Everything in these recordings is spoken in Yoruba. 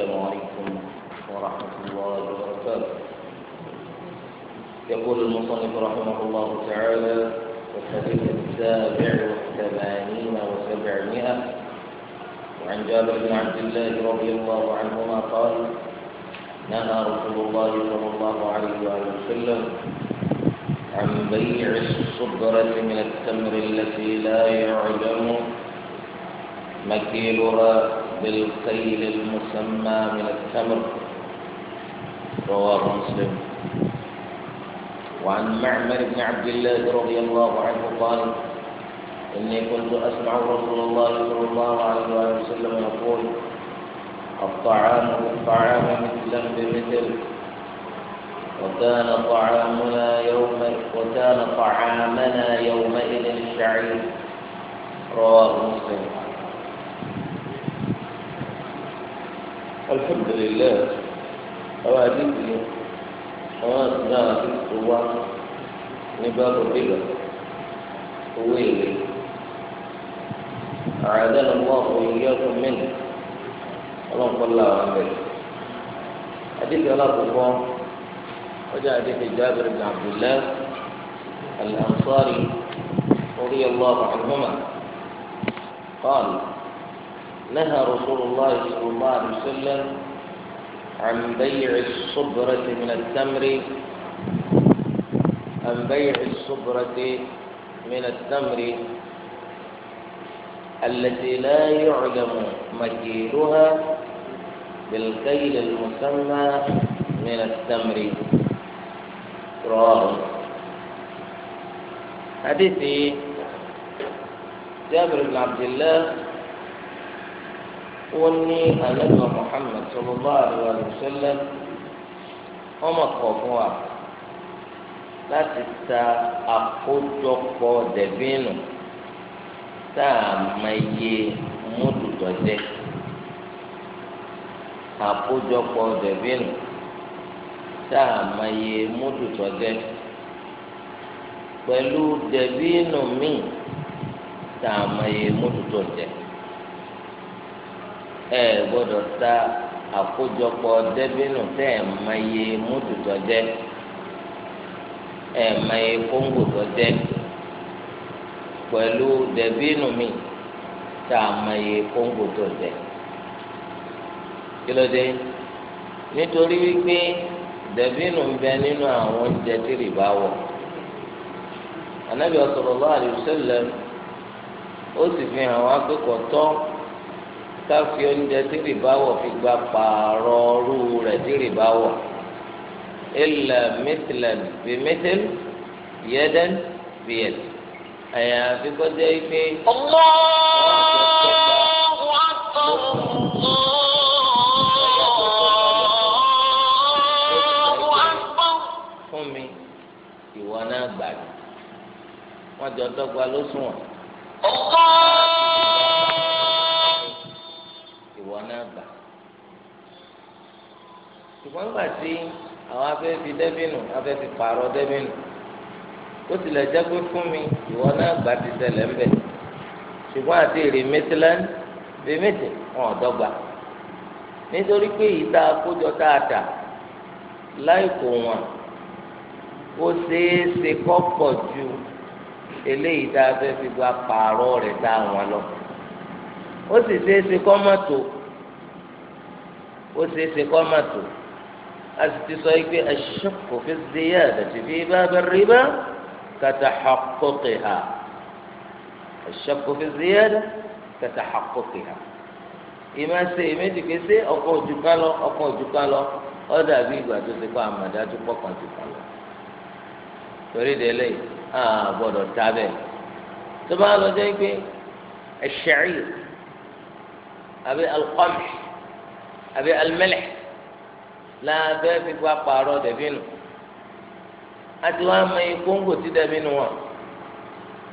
السلام عليكم ورحمة الله وبركاته يقول المصنف رحمه الله تعالى والحديث السابع والثمانين وسبعمائة وعن جابر بن عبد الله رضي الله عنهما قال نهى رسول الله صلى الله عليه وآله وسلم عن بيع الصبرة من التمر التي لا يعلم مكيلها بالخيل المسمى من التمر رواه مسلم وعن معمر بن عبد الله رضي الله عنه قال إني كنت أسمع رسول الله صلى الله عليه وسلم يقول الطعام بالطعام مثلا بمثل وكان طعامنا يوم وكان طعامنا يومئذ الشعير رواه مسلم الحمد لله أوعدك لي حوار لا في القوة نبال الغلا طويلة أعادنا الله وإياكم منه اللهم صل على محمد حديث على طفاة وجاء به جابر بن عبد الله الأنصاري رضي الله عنهما قال نهى رسول الله صلى الله عليه وسلم عن بيع الصبرة من التمر عن بيع الصبرة من التمر التي لا يعلم مكيلها بالكيل المسمى من التمر رواه حديث جابر بن عبد الله wọ́n ní alẹ́gbẹ́ Muhammad sallallahu alaihi wa sallam wọ́n mọ̀ kọ̀ fún wa láti ta àkójọpọ̀ dẹ̀bínú tá a máa yẹ múdùdọ̀jẹ́ àkójọpọ̀ dẹ̀bínú tá a máa yẹ múdùdọ̀jẹ́ pẹ̀lú dẹ̀bínú míì tá a máa yẹ múdùdọ̀jẹ́. ẹ gbọ́dọ̀ ta àkójọpọ̀ dẹ́bínú tẹ́ ẹ̀ mọ iye múdù tó jẹ́ ẹ̀ mọ iye kóńgò tó mi tá a mọ iye kóńgò tó jẹ́ kí nítorí wípé dẹ́bínú bẹ nínú àwọn oúnjẹ tí rìbá fi hàn wá pé káfí oúnjẹ tí rìbá wọ̀ fi gba pààrọ̀ ọrú rẹ̀ tí rìbá wọ̀ ilẹ̀ mítìlẹ̀n bí mítìl yẹ́dẹ́n bí yẹ́d ẹ̀yà àfikọ́jẹ́ ife. ọmọ wa sọ ọmọ. fún mi wọ́n jọ dọ́gba ló sùn wọ́n. ọ̀gá ìwọ náà gbà ṣùgbọ́n nígbà tí àwọn afẹ́ fi dẹ́bìnù afẹ́ fi pààrọ̀ dẹ́bìnù ó tilẹ̀ jẹ́ pé fún mi ìwọ náà gbà ti ṣẹlẹ̀ ń bẹ̀ ṣùgbọ́n àti èrè mẹ́tìlẹ́ni bíi méjì wọn ò dọ́gba nítorí pé èyí tá a kójọ tá a tà láì kó wọn ó ṣeé ṣe kọ́ pọ̀ ju eléyìí tá a fẹ́ fi gba pààrọ̀ rẹ̀ tá a wọn lọ ó sì ṣeéṣe kọ́ má tó ó ṣeéṣe kọ́ má tó a sì ti sọ pé aṣọ́kò fi ṣèyá àdàtì fi bá bẹ rí bá kàtà àkókè ha aṣọ́kò fi ṣèyá kàtà àkókè ha ìmọ̀ ṣe ìmẹ́jì pé ṣé ọkọ̀ òjùká lọ ọkọ̀ òjùká lọ ó dàbí ìgbà tó ti kọ́ àmàdájú pọ̀kan ti kàn lọ. torí délé àà tábẹ̀ tó bá lọ jẹ́ pé ẹ̀ṣẹ̀ yìí àbí alqamh àbí almilh lábẹ́ fipá pààrọ̀ dẹ̀bínú àti wọn amẹyẹ kóńgò tí dẹ̀bínú wọn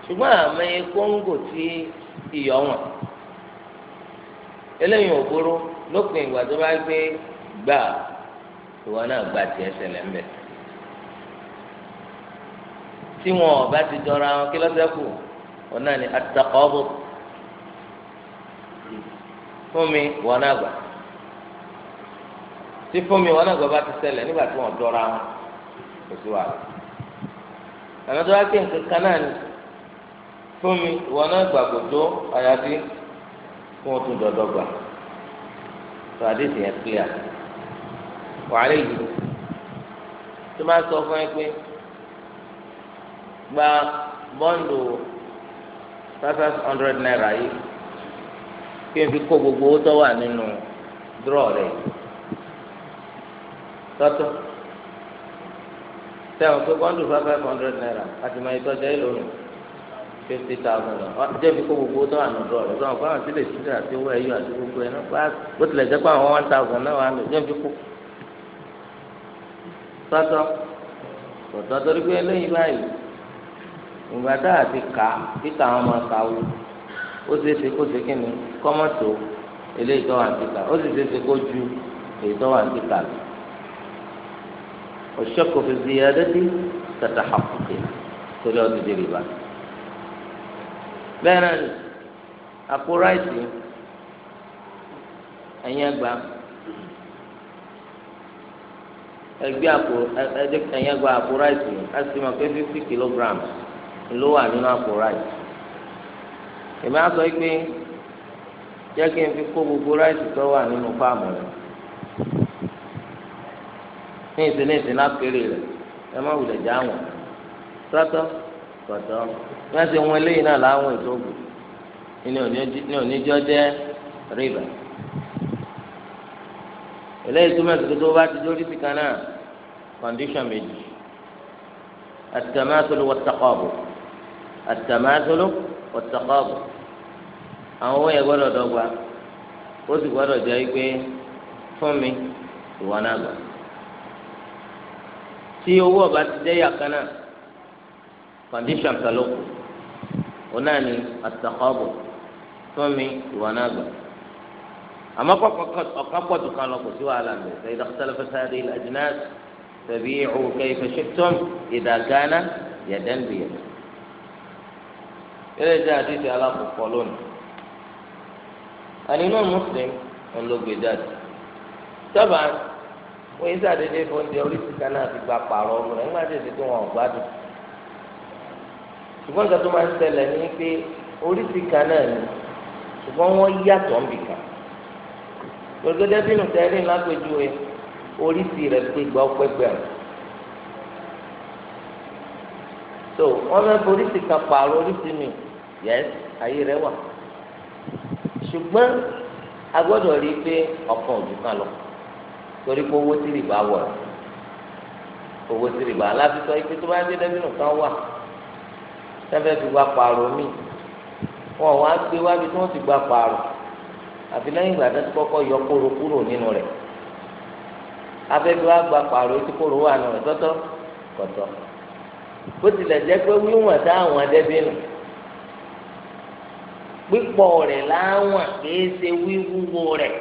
ṣùgbọ́n amẹyẹ kóńgò tí iyọ̀ wọn eléyìí ò burú lópin ìgbà tó bá gbé gbà ìwọ náà gba tiẹ̀ ṣẹlẹ̀ ńbẹ tí wọn ọba ti jọra wọn kí lọ́sẹ̀ kù wọn náà ní ataqabud fún mi wọn náà gbà tí fún mi wọn náà gbà bá ti ṣẹlẹ̀ nígbà tí wọn dọra wọn kò sí wàhálà àmọ́ tó bá ké nǹkan kan náà ni fún mi wọn náà gbà kò tó àyàfi kí wọn tún dọdọ gbà tó àdéhùn yẹn clear wàhálà yìí tó máa sọ fún ẹ pé gba bọ́ǹdù five hundred naira yìí kí n fi kó gbogbo owó tó wà nínú drọ rẹ̀ tọ́tọ́ sẹ́wọ̀n pé kọ́ńdù five five hundred naira àti máa ìtọ́jà ìlóyún fifty thousand naira jẹ́ fi kó gbogbo tó wà nínú drọ rẹ̀ sọ́wọ́n fáwọn sílẹ̀ sílẹ̀ àti owó ẹ̀yọ àti gbogbo ẹ̀ náà bó tilẹ̀ jẹ́ pé àwọn one thousand náà wà lò jẹ́ fi kó tọ́tọ́ tọ́tọ́ torí pé eléyìí báyìí ìgbà tá a ti kà á kíkà máa kà wò ó ṣe é ṣe kó ṣe kíni kọ́mọ́tò eléyìí tó wà níta ó sì ṣe é ṣe kó ju èyí tó wà níta lọ. òṣèkò fi di ẹdẹ́tì tata hàkùkè torí ọtí di rìbá. bẹ́ẹ̀ náà àpò ráìsì ẹ̀yìn ẹgbàá ẹgbẹ́ àpò ẹ̀yìn ẹgbàá àpò ráìsì á mọ̀ pé fifty kilograms ló wà nínú àpò ráìsì èmi á sọ pé jẹ́ kí n fi kó gbogbo ráìsì tó wà nínú fáàmù rẹ̀ ní ìsinmi ìsinmi àpérè rẹ̀ ẹ má wulẹ̀ já wọn tọ́tọ́ tọ́tọ́ bí wọ́n ṣe wọn eléyìí náà láwọn ètò ògùn ní oníjọ́ jẹ́ rìbà eléyìí túmọ̀ sí pé tó bá ti dórí síkan náà kọ́ndíṣọ̀n méjì àtàmásóló wọ́n takọ̀ ọ̀bù àtàmásóló ọtọkọọbù àwọn owó yẹn gbọ́dọ̀ dọ́gba ó sì gbọ́dọ̀ jẹ́ pé fún mi ìwọ náà gbà tí owó ọba ti jẹ́ yàkánná kọndíṣàn kálókù ó náà ní ọtọkọọbù fún mi ìwọ náà gbà àmọ́ ọkàn pọtù kan lọ kò sí wàhálà ń ṣe ìdọkítàlẹfẹ sáré ìlàjìnà tẹbí ìhùwù kẹfẹ ṣètọm ìdàgánà yẹdẹnbìyẹn eléyìí jẹ́ àdìsí alákòókò lónìí àníná Muslim ọlọgbẹjáde sábà wọ́n yíṣẹ́ àdédé fóúnjẹ oríṣi kan náà ti gba pààrọ̀ ọmọ rẹ̀ nígbà tí èsì tó wọn ò gbádùn ṣùgbọ́n nǹkan tó máa ń ṣẹlẹ̀ ni pé oríṣi kan náà ni ṣùgbọ́n wọ́n yàtọ̀ nbìkan gbẹgbẹdẹ bínú tẹ́lẹ̀ lápẹjúwe oríṣi rẹ̀ pé gbọ́ pẹ́gbẹ́rún so wọ́n fẹ́ foríṣi kan pààrọ̀ oríṣi mi yẹn ayé rẹ wà ṣùgbọ́n a gbọ́dọ̀ rí i pé ọkàn ojú kan lọ torí pé owó tí rìbá wọ̀ rẹ̀ owó tí rìbá aláfisọ ipe tó bá ń gbé dẹ́bìnù kan wà sẹ́fẹ́ fi gba pààrọ̀ mi wọn wá gbé wá bí tí wọ́n ti gba pààrọ̀ àfi lẹ́yìn ìgbà tó ti kọ́kọ́ yọ kóró kúrò nínú rẹ̀ afẹ́fẹ́ wá gba pààrọ̀ etí kóró wà nínú rẹ̀ tọ́tọ́ kọ̀tọ́ bó tilẹ̀ jẹ́ pé wíwọ̀n táwọn dẹ́bìnù pípọ̀ rẹ̀ láwọn kìí ṣe wíwúwo rẹ̀.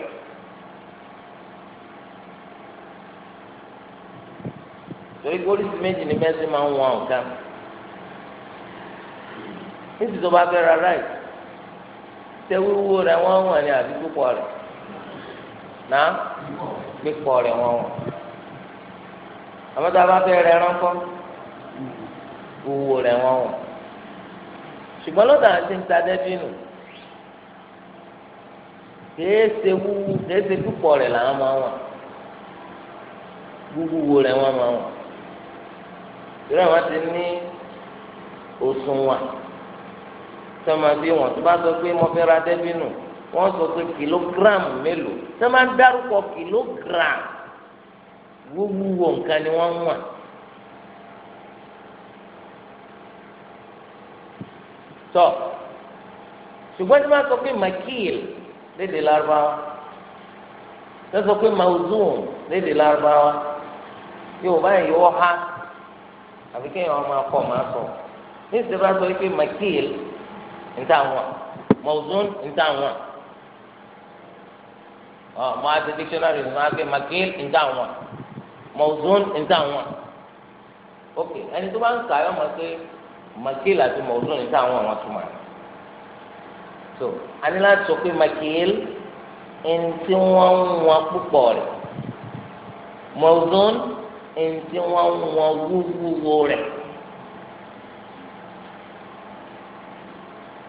torí pé oríṣi méjì ni mẹ́sìn máa ń wọn ọ̀gá níbi tó bá fẹ́ ra ráì ṣé wíwú rẹ̀ wọ́n wọ̀n ni àbí púpọ̀ rẹ̀ náà pípọ̀ rẹ̀ wọ́n wọ̀n àmọ́ tá a bá fẹ́ rẹ̀ ránkọ́ wíwú rẹ̀ wọ́n wọ̀n ṣùgbọ́n lọ́dà ti ń ta dẹ́bí nù kèése wú kèése púpọ̀ rẹ̀ làwọn máa wà wúwúwo rẹ̀ wọ́n máa wà ìrọ̀ àwọn ti ní òṣùwọ̀n tí wọ́n máa fi wọ̀n tó bá sọ pé mo fẹ́ ra dẹ́bínù wọ́n sọ pé kìlógíráàmù mélòó tí wọ́n máa ń dárúkọ kìlógíráàmù wúwúwo nǹkan ni wọ́n ń wọ̀n. tọ́ ṣùgbọ́n tí wọ́n sọ pé màkìlì lédè lárúbáwá lọ́sọ pé mawzun lédè lárúbáwá yorùbá yẹn yọ ha àbí kéèyàn máa kọ́ máa sọ ní ìsèlú àti pé makil níta wọn mawzun níta wọn ọ mọ àti dictionary ní wọn á pé makil níta wọn mawzun níta wọn ok ẹni tó bá ń kà yọ máa pé makil àti mawzun níta wọn wọn túmọ̀ so ani la láti sọ pé makil ẹni tí wọ́n ń wọn púpọ̀ rẹ̀ mọ̀ọ́dún ẹni tí wọ́n ń wọn wúwúwo rẹ̀.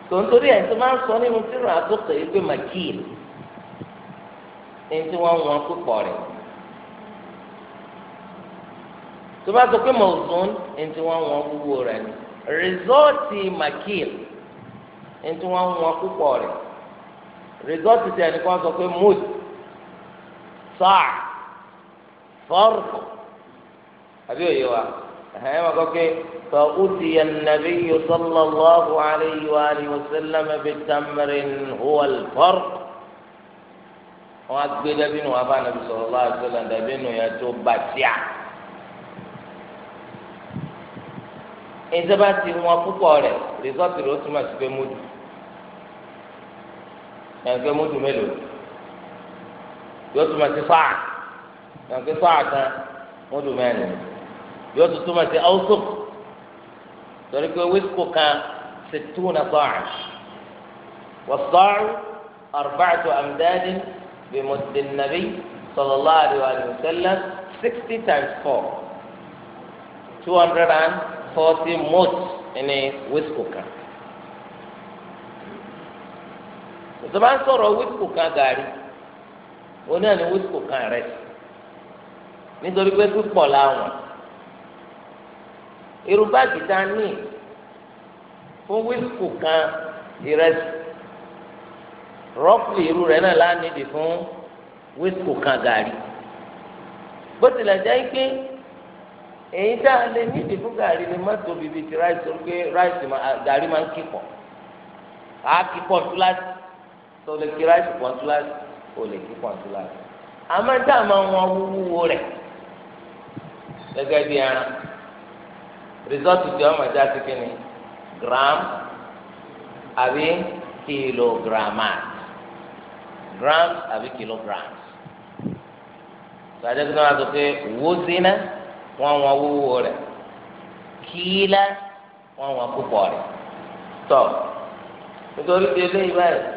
tòǹtòrí ẹ̀ tó sọ nínú tírà àtúntò yìí pé makil ẹni tí wọ́n ń wọn púpọ̀ rẹ̀. tó bá sọ pé mọ̀ọ́dún ẹni wọn wúwo rẹ̀ ni rìsọ́ọ̀tì makil ẹni tí wọ́n ń wọn rìsọ́ọ̀tì tí ẹnìkan sọ pé mood sáà fọ́ọ̀rù àbí òye wa ẹ̀hẹ́n ma gbọ́ pé fa utiya an-nabiyyu sallallahu alayhi wa alihi wa sallam bitamrin huwa al-farq wọn agbé dàbínù wọn bá nàbí sallallahu alayhi wa sallam dàbínù yẹn tó bàtíà. ìjọba wọn púpọ̀ rẹ̀ rìsọ́ọ̀tì rẹ̀ ó túmọ̀ sí pé mood. ẹnìkan mọ́tò mélòó yóò túmọ̀ sí fáà ẹnìkan fáà kan mọ́tò mẹ́rin yóò tún túmọ̀ sí ọ́sùn torí pé wíṣkù kan ṣe tún na fáà wọ́sọ́ọ̀rù arba'atu amdadin bi mudin nabi sallallahu alayhi wa sallam sixty times four two hundred and forty mot ẹni wíṣkù kan. tó bá ń sọ̀rọ̀ wíìkù kan gàrí òun náà ni wíìkù kan rẹ̀ nítorí pé púpọ̀ làwọn irú báàgì tá a ní fún wíìkù kan ìrẹsì rọ́pìlì irú rẹ̀ náà lánìdì fún wíìkù kan gàrí bó tilẹ̀ jẹ́ pé èyí tá a lè nídìí fún gàrí ni má tóbi bíi ti ráìsì torí pé ráìsì gàrí máa ń kíkọ̀ á kíkọ̀ túláàsì tó lè kí ráìsì pọ̀ntúláàsì ó lè kí pọ̀ntúláàsì àmọ́ tá a máa wọn wúwo rẹ̀ gẹ́gẹ́ bí ẹran rìsọ́ọ̀tù tí wọ́n máa já sí kínní gram àbí kìlógrámàt gram àbí kìlógrám sàdé kí wọ́n á sọ pé wó sínú wọ́n wọn wúwo rẹ̀ kíílá wọ́n wọn púpọ̀ rẹ̀ tọ́ nítorí pé eléyìí báyìí.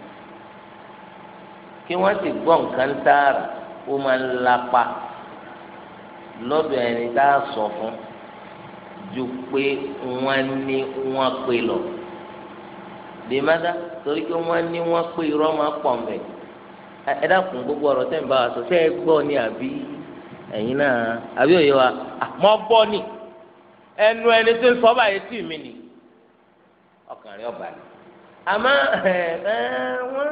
kí wọ́n sì gbọ́ nǹkan tààrà ó máa ń lapa lọ́dọ̀ ẹni tá a sọ fún ju pé wọ́n ní wọ́n pè lọ dèmádá torí pé wọ́n ní wọ́n pé irọ́ máa pọ̀ mbẹ́ ẹ dákun gbogbo ọ̀rọ̀ tẹ́ ń bá wa sọ ṣé ẹ gbọ́ ni àbí ẹ̀yin náà àbí òye wa àmọ́ bọ́ ni ẹnu ẹni tó ń sọ báyìí tì mí ni ọkàn rẹ ọba ni àmọ́ ẹ ẹ wọ́n.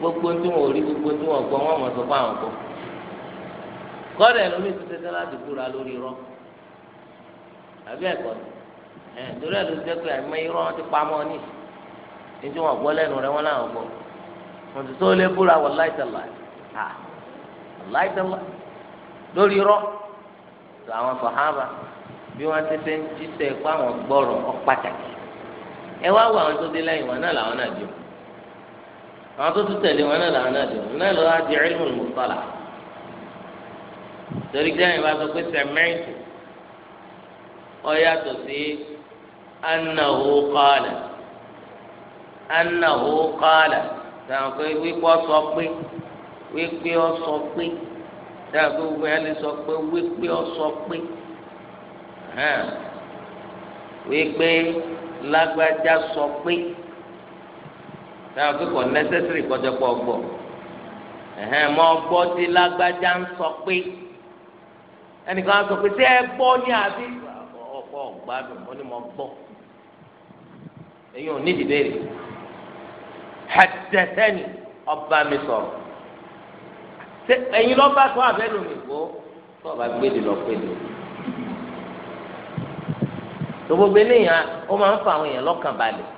gbogbo tí wọn ò rí gbogbo tí wọn gbọ́ wọn mọ̀ sọ fún àwọn gbọ́ kọ́dà ẹ̀ ti tẹ́tẹ́ láti búra lórí irọ́ àbí torí ẹ̀ ló jẹ́ pé àmọ́ wọn ti ní ní tí wọn wọn làwọn wọ lórí tó àwọn bí ti ń àwọn ọ pàtàkì ẹ wá wọ àwọn tó dé wọn náà làwọn náà àwọn tó tún tẹ̀lé wọn náà làwọn náà dé wọn náà lọ́wọ́ á di ilmu mùsàlà torí dáhùn bá sọ pé sẹ̀mẹ́ǹtì ó yàtọ̀ sí annahu qala annahu qala dáhùn pé wípé ọ sọ pé wípé ọ sọ pé dáhùn pé gbogbo yẹn sọ pé wípé ọ sọ pé wípé lágbájá sọ pé táwọn akẹ́kọ̀ọ́ nẹ́sẹ̀sìrì kọjá pọ̀ gbọ́ ẹ̀hẹ́n mọ́ gbọ́ tí lágbájá ń sọ pé ẹnìkan sọ pé tí ẹ gbọ́ ní àbí ọ̀pọ̀ ọ̀gbádùn ó ni, mọ́ gbọ́ ẹ̀yin ò ní ìdíbèrè hẹ̀tẹ̀tẹ̀ni ọba mi sọ̀rọ̀ ẹ̀yin lọ́ba sọ àbẹ́lò mi kó tó ọba gbèdè lọ pèlè tó gbogbo eléyàn ó máa ń fa àwọn èèyàn lọ́kàn balẹ̀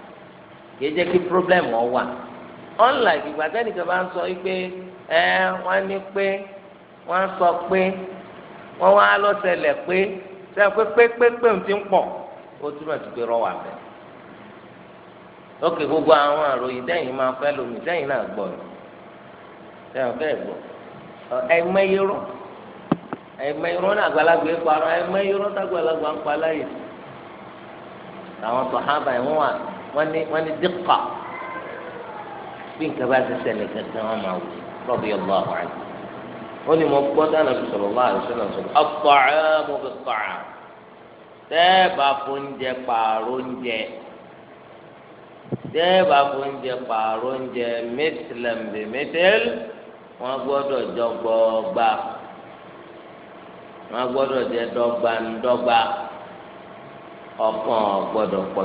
kìí jẹ́ kí problem wọn wà unlike ìgbà tẹ́nìkan bá ń sọ pé ẹ wọ́n ní pé wọ́n sọ pé wọ́n wá lọ́sẹ̀lẹ̀ pé sẹ́yìn pé pépépé ń ti ń pọ̀ ó túmọ̀ sí pé rọ́wà bẹ̀. lókè gbogbo àwọn àròyìn tẹ́yìn máa fẹ́ lómi tẹ́yìn náà gbọ́ ni sẹ́yìn fẹ́ gbọ́ ẹ̀mẹ́yẹ rọ́ ẹ̀mẹ́yẹ rọ́ náà àgbàlagbà ń parọ́ ẹ̀mẹ́yẹ rọ́ tágbàlagbà ń pa láyè àwọn sọ̀hábà ẹ̀ wọ́n wà wọ́n ní wọ́n ní díkà bí nǹkan bá ti ṣẹlẹ̀ gẹ́gẹ́ wọn máa wù lọ́bí ọlọ́ àwọn àyè ó ní mo gbọ́ dáná fi sọ̀rọ̀ wá àrùn sọ́nà sọ̀rọ̀ ọ̀pọ̀ọ́ mo fi pààrà tẹ́ẹ̀bà fóúnjẹ pààrọ̀ oúnjẹ tẹ́ẹ̀bà fóúnjẹ pààrọ̀ oúnjẹ mẹ́tìlẹ̀mbẹ̀ mẹ́tẹ́l wọ́n gbọ́dọ̀ jọ gbọ́gbà wọ́n gbọ́dọ̀ jẹ dọ́gba ńdọ́gba ọ̀kan gbọ́dọ̀ pọ̀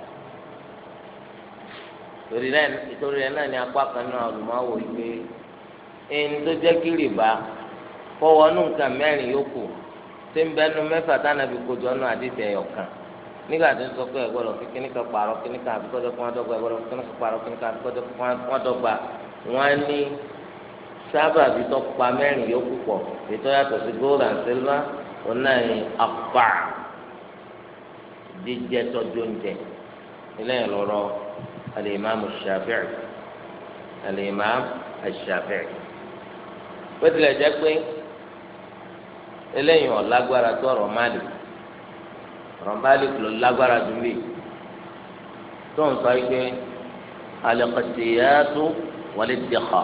torí náà ìtòrí rẹ náà ní apá kan náà olùmọ̀wò ìgbé ẹni tó jẹ́ kí rìbá fọwọ́ nù nǹkan mẹ́rin yòókù tí ń bẹ́ nu mẹ́fà tánàbí kojú ọ̀nà àdìsẹ́ ọ̀kan nígbà tó ń sọ pé ẹgbọ́dọ̀ kí kíní kan pààrọ̀ kíní kan àbí kọ́jọ́ kí wọ́n dọ́gba ẹgbọ́dọ̀ kí kíní kan pààrọ̀ kíní kan àbí kọ́jọ́ kí wọ́n dọ́gba wọ́n ní sábà bí tó pa mẹ́rin yòókù pọ̀ ètò yàtọ̀ sí gold and silver òun náà ní apá tọ́jú oúnjẹ ilé ìlọrọ alimami shafi'i alimami shafi'i bó tilẹ̀ jẹ́ pé eléyìí ọ̀ lágbára tó ọ̀rọ̀ Malik ọ̀rọ̀ Malik ló lágbára tó lè tó ń sọ pé alikasiyatu wàlẹ̀ dìkọ̀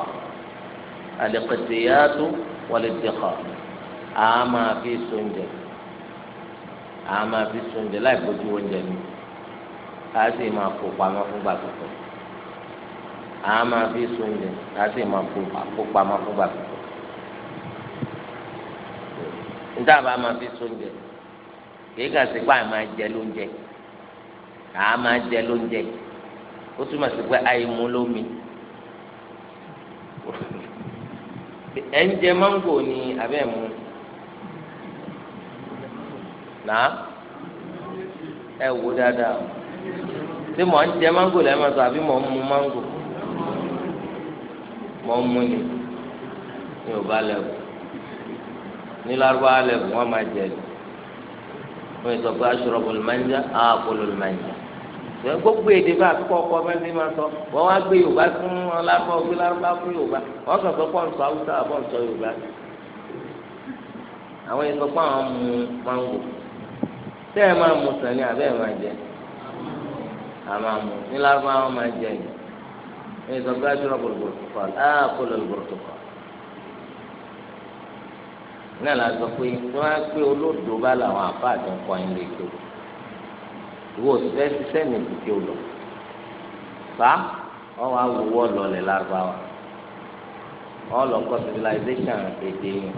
alikasiyatu wàlẹ̀ dìkọ̀ àá máa fi sóúnjẹ àá máa fi sóúnjẹ láì bójú oúnjẹ mi. a sì máa kó pamọ́ fúngbà tuntun a máa fi sunjẹ a sì máa kó pamọ́ fúngbà tuntun níta bá máa fi sunjẹ kìí sí pé a máa jẹ lóúnjẹ a máa jẹ lóúnjẹ ó túmọ̀ sí pé a lómi ẹ ń jẹ máńgò ni abẹ́ mu náà ẹ wò dáadáa. ṣé mò ń jẹ mángò lẹ́yìn máa sọ àbí mò ń mu mángò mò ń mu ni ní Yorùbá lẹ́wọ̀ ní Lárúbá lẹ́wọ̀ wọ́n máa jẹ ni wọ́n yìí sọ pé aṣọ́rọ̀bù lùmánjá àkọlù lùmánjá ṣé gbogbo èdè bá kọ́ ọkọ mẹ́sìn máa sọ wọ́n wá gbé Yorùbá fún ọlọ́pàá gbé Lárúbá fún Yorùbá wọ́n sọ pé pọ́ǹsọ Haúsá pọ́ǹsọ Yorùbá àwọn yìí sọ pé àwọn mu mángò tẹ́ ẹ máa mu sàn ni àbẹ́ ẹ máa jẹ ni àmàmù nílárúbá wọn máa jẹ yìí ní sọ pé àjọrò burtukal áà kó lọ burtukal náà la sọ pé tí wọn á pé olódò bá làwọn àbá àti nǹkan ilé tó ìwọ òṣìṣẹ́ ṣiṣẹ́ mi ti ké fa wọn wá wọwọ lọlẹ lárúbá wọn lọ kọ civilization èdè yìí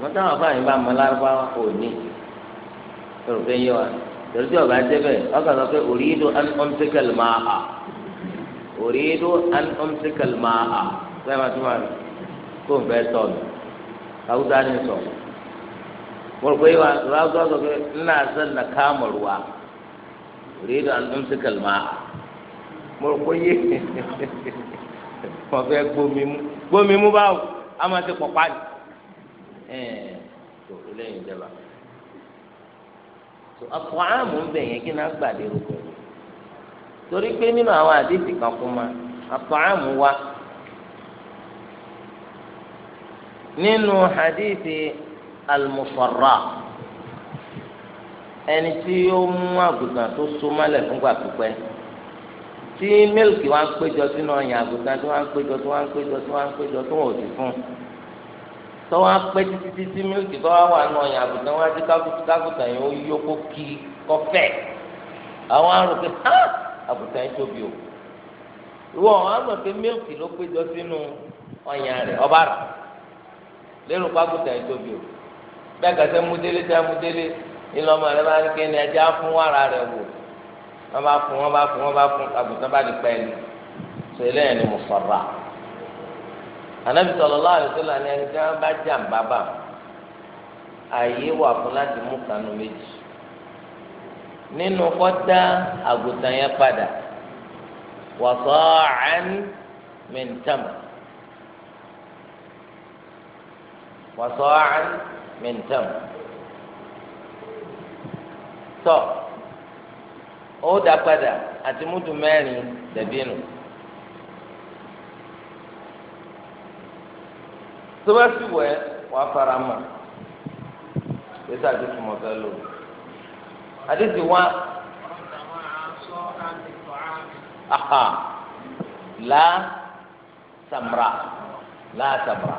wọn táwọn afáàyàn bá mọ lárúbá kò ní ìròpé yé wa torí tí ọba débẹ̀ ọkàn sọ pé òrìdó an ọmtíkàl máa hà òrìdó an ọmtíkàl máa hà fẹ́ẹ́ máa túmọ̀ rẹ̀ kó n fẹ́ tọ̀ nù haúsá ni sọ wọ́n pé wa haúsá sọ pé ńlá sẹ́n na kámọ̀rù wa òrìdó an ọmtíkàl máa hà wọ́n pé yé wọ́n fẹ́ gbómi mú gbómi mú báwo a máa ti pọ̀ pa ni ẹ̀ẹ́d tó lẹ́yìn ìjọba. Afọ àmú ń bẹ̀ yẹn kí náà gbàdé rúkọ torí pé nínú àwọn àdéhùn kan kún ma àmú wa nínú hadithi almufarra ẹni tí ó mú àgùntàn tó so fúngbà pípẹ́ tí mílìkì ń péjọ sínú ọyàn àgùntàn tí wọ́n ń péjọ tí wọ́n ń péjọ tí wọ́n ń péjọ tí wọ́n ò fún tọ́wọ́ apẹ́ títí títí mílíkì tọ́wọ́ wà nù ọ̀yàn àgùntàn wá sí kágùntàn yẹn ó yó kó kí kọfẹ́ àwọn arùn pé há àgùntàn yẹn tóbi o ìwọ àwọn àmọ̀ pé mílíkì ló péjọ sínú ọ̀yàn rẹ̀ ọba rà lérò kágùntàn yẹn tóbi o bẹ́ẹ̀ kẹsẹ́ múdélé sẹ́ múdélé ìlọmọ rẹ bá ń ké ní ẹjẹ́ á fún wàrà rẹ̀ wò wọ́n bá fún wọ́n bá fún wọ́n bá fún àgùntàn bá di pẹ́ẹ́lí sọ eléyìí ni mo anabi sallallahu alaihi wasallam ni ẹni tí wọn bá jà ń bábà ààyè wà fún láti mú kanu méjì nínú kọdá àgùntàn yẹn padà wàsọ àánú mẹntàmù wàsọ àánú mẹntàmù tọ ó dá padà àti mútu mẹ́rin dẹbí nù. tó bá sì wẹ̀ wàá fara mọ́ pèsè àdìsí mọ̀ fẹ́ lò àdìsí wa. Aha la samra la samra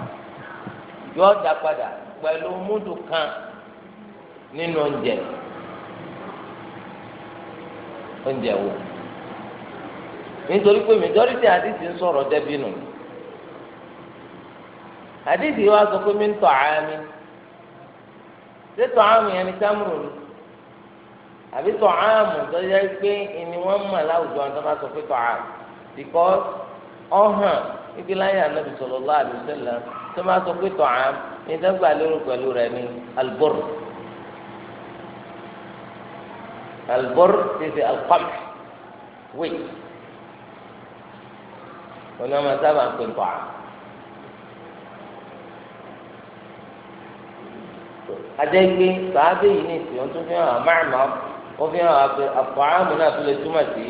yọ ọ́ dá padà pẹ̀lú múdù kan nínú oúnjẹ oúnjẹ wo nítorí pé mìjọ́rìtì àdìsí ń sọ̀rọ̀ dẹ́bí nù. No àdìsí wa sọ pé mi ń tọ̀ àmì ṣé tọ̀ àmì yẹn ni támúrò ni àbí tọ̀ àmù tó yẹ pé ni wọ́n mọ̀ láwùjọ àwọn tó bá sọ pé tọ̀ because ọ̀hàn ibi láyé ànábì sallallahu alaihi wasallam tó bá sọ pé tọ̀ àmù ní dẹ́gbà lérò pẹ̀lú rẹ̀ ní albor albor ti di alqam wíì oní ọmọ sábà ń pè tọ̀ ajẹ́ pé sàádé yìí ní ìsìn tó fi hàn àmàmà ó fi hàn àfọ̀hámù náà tó lè túmọ̀ sí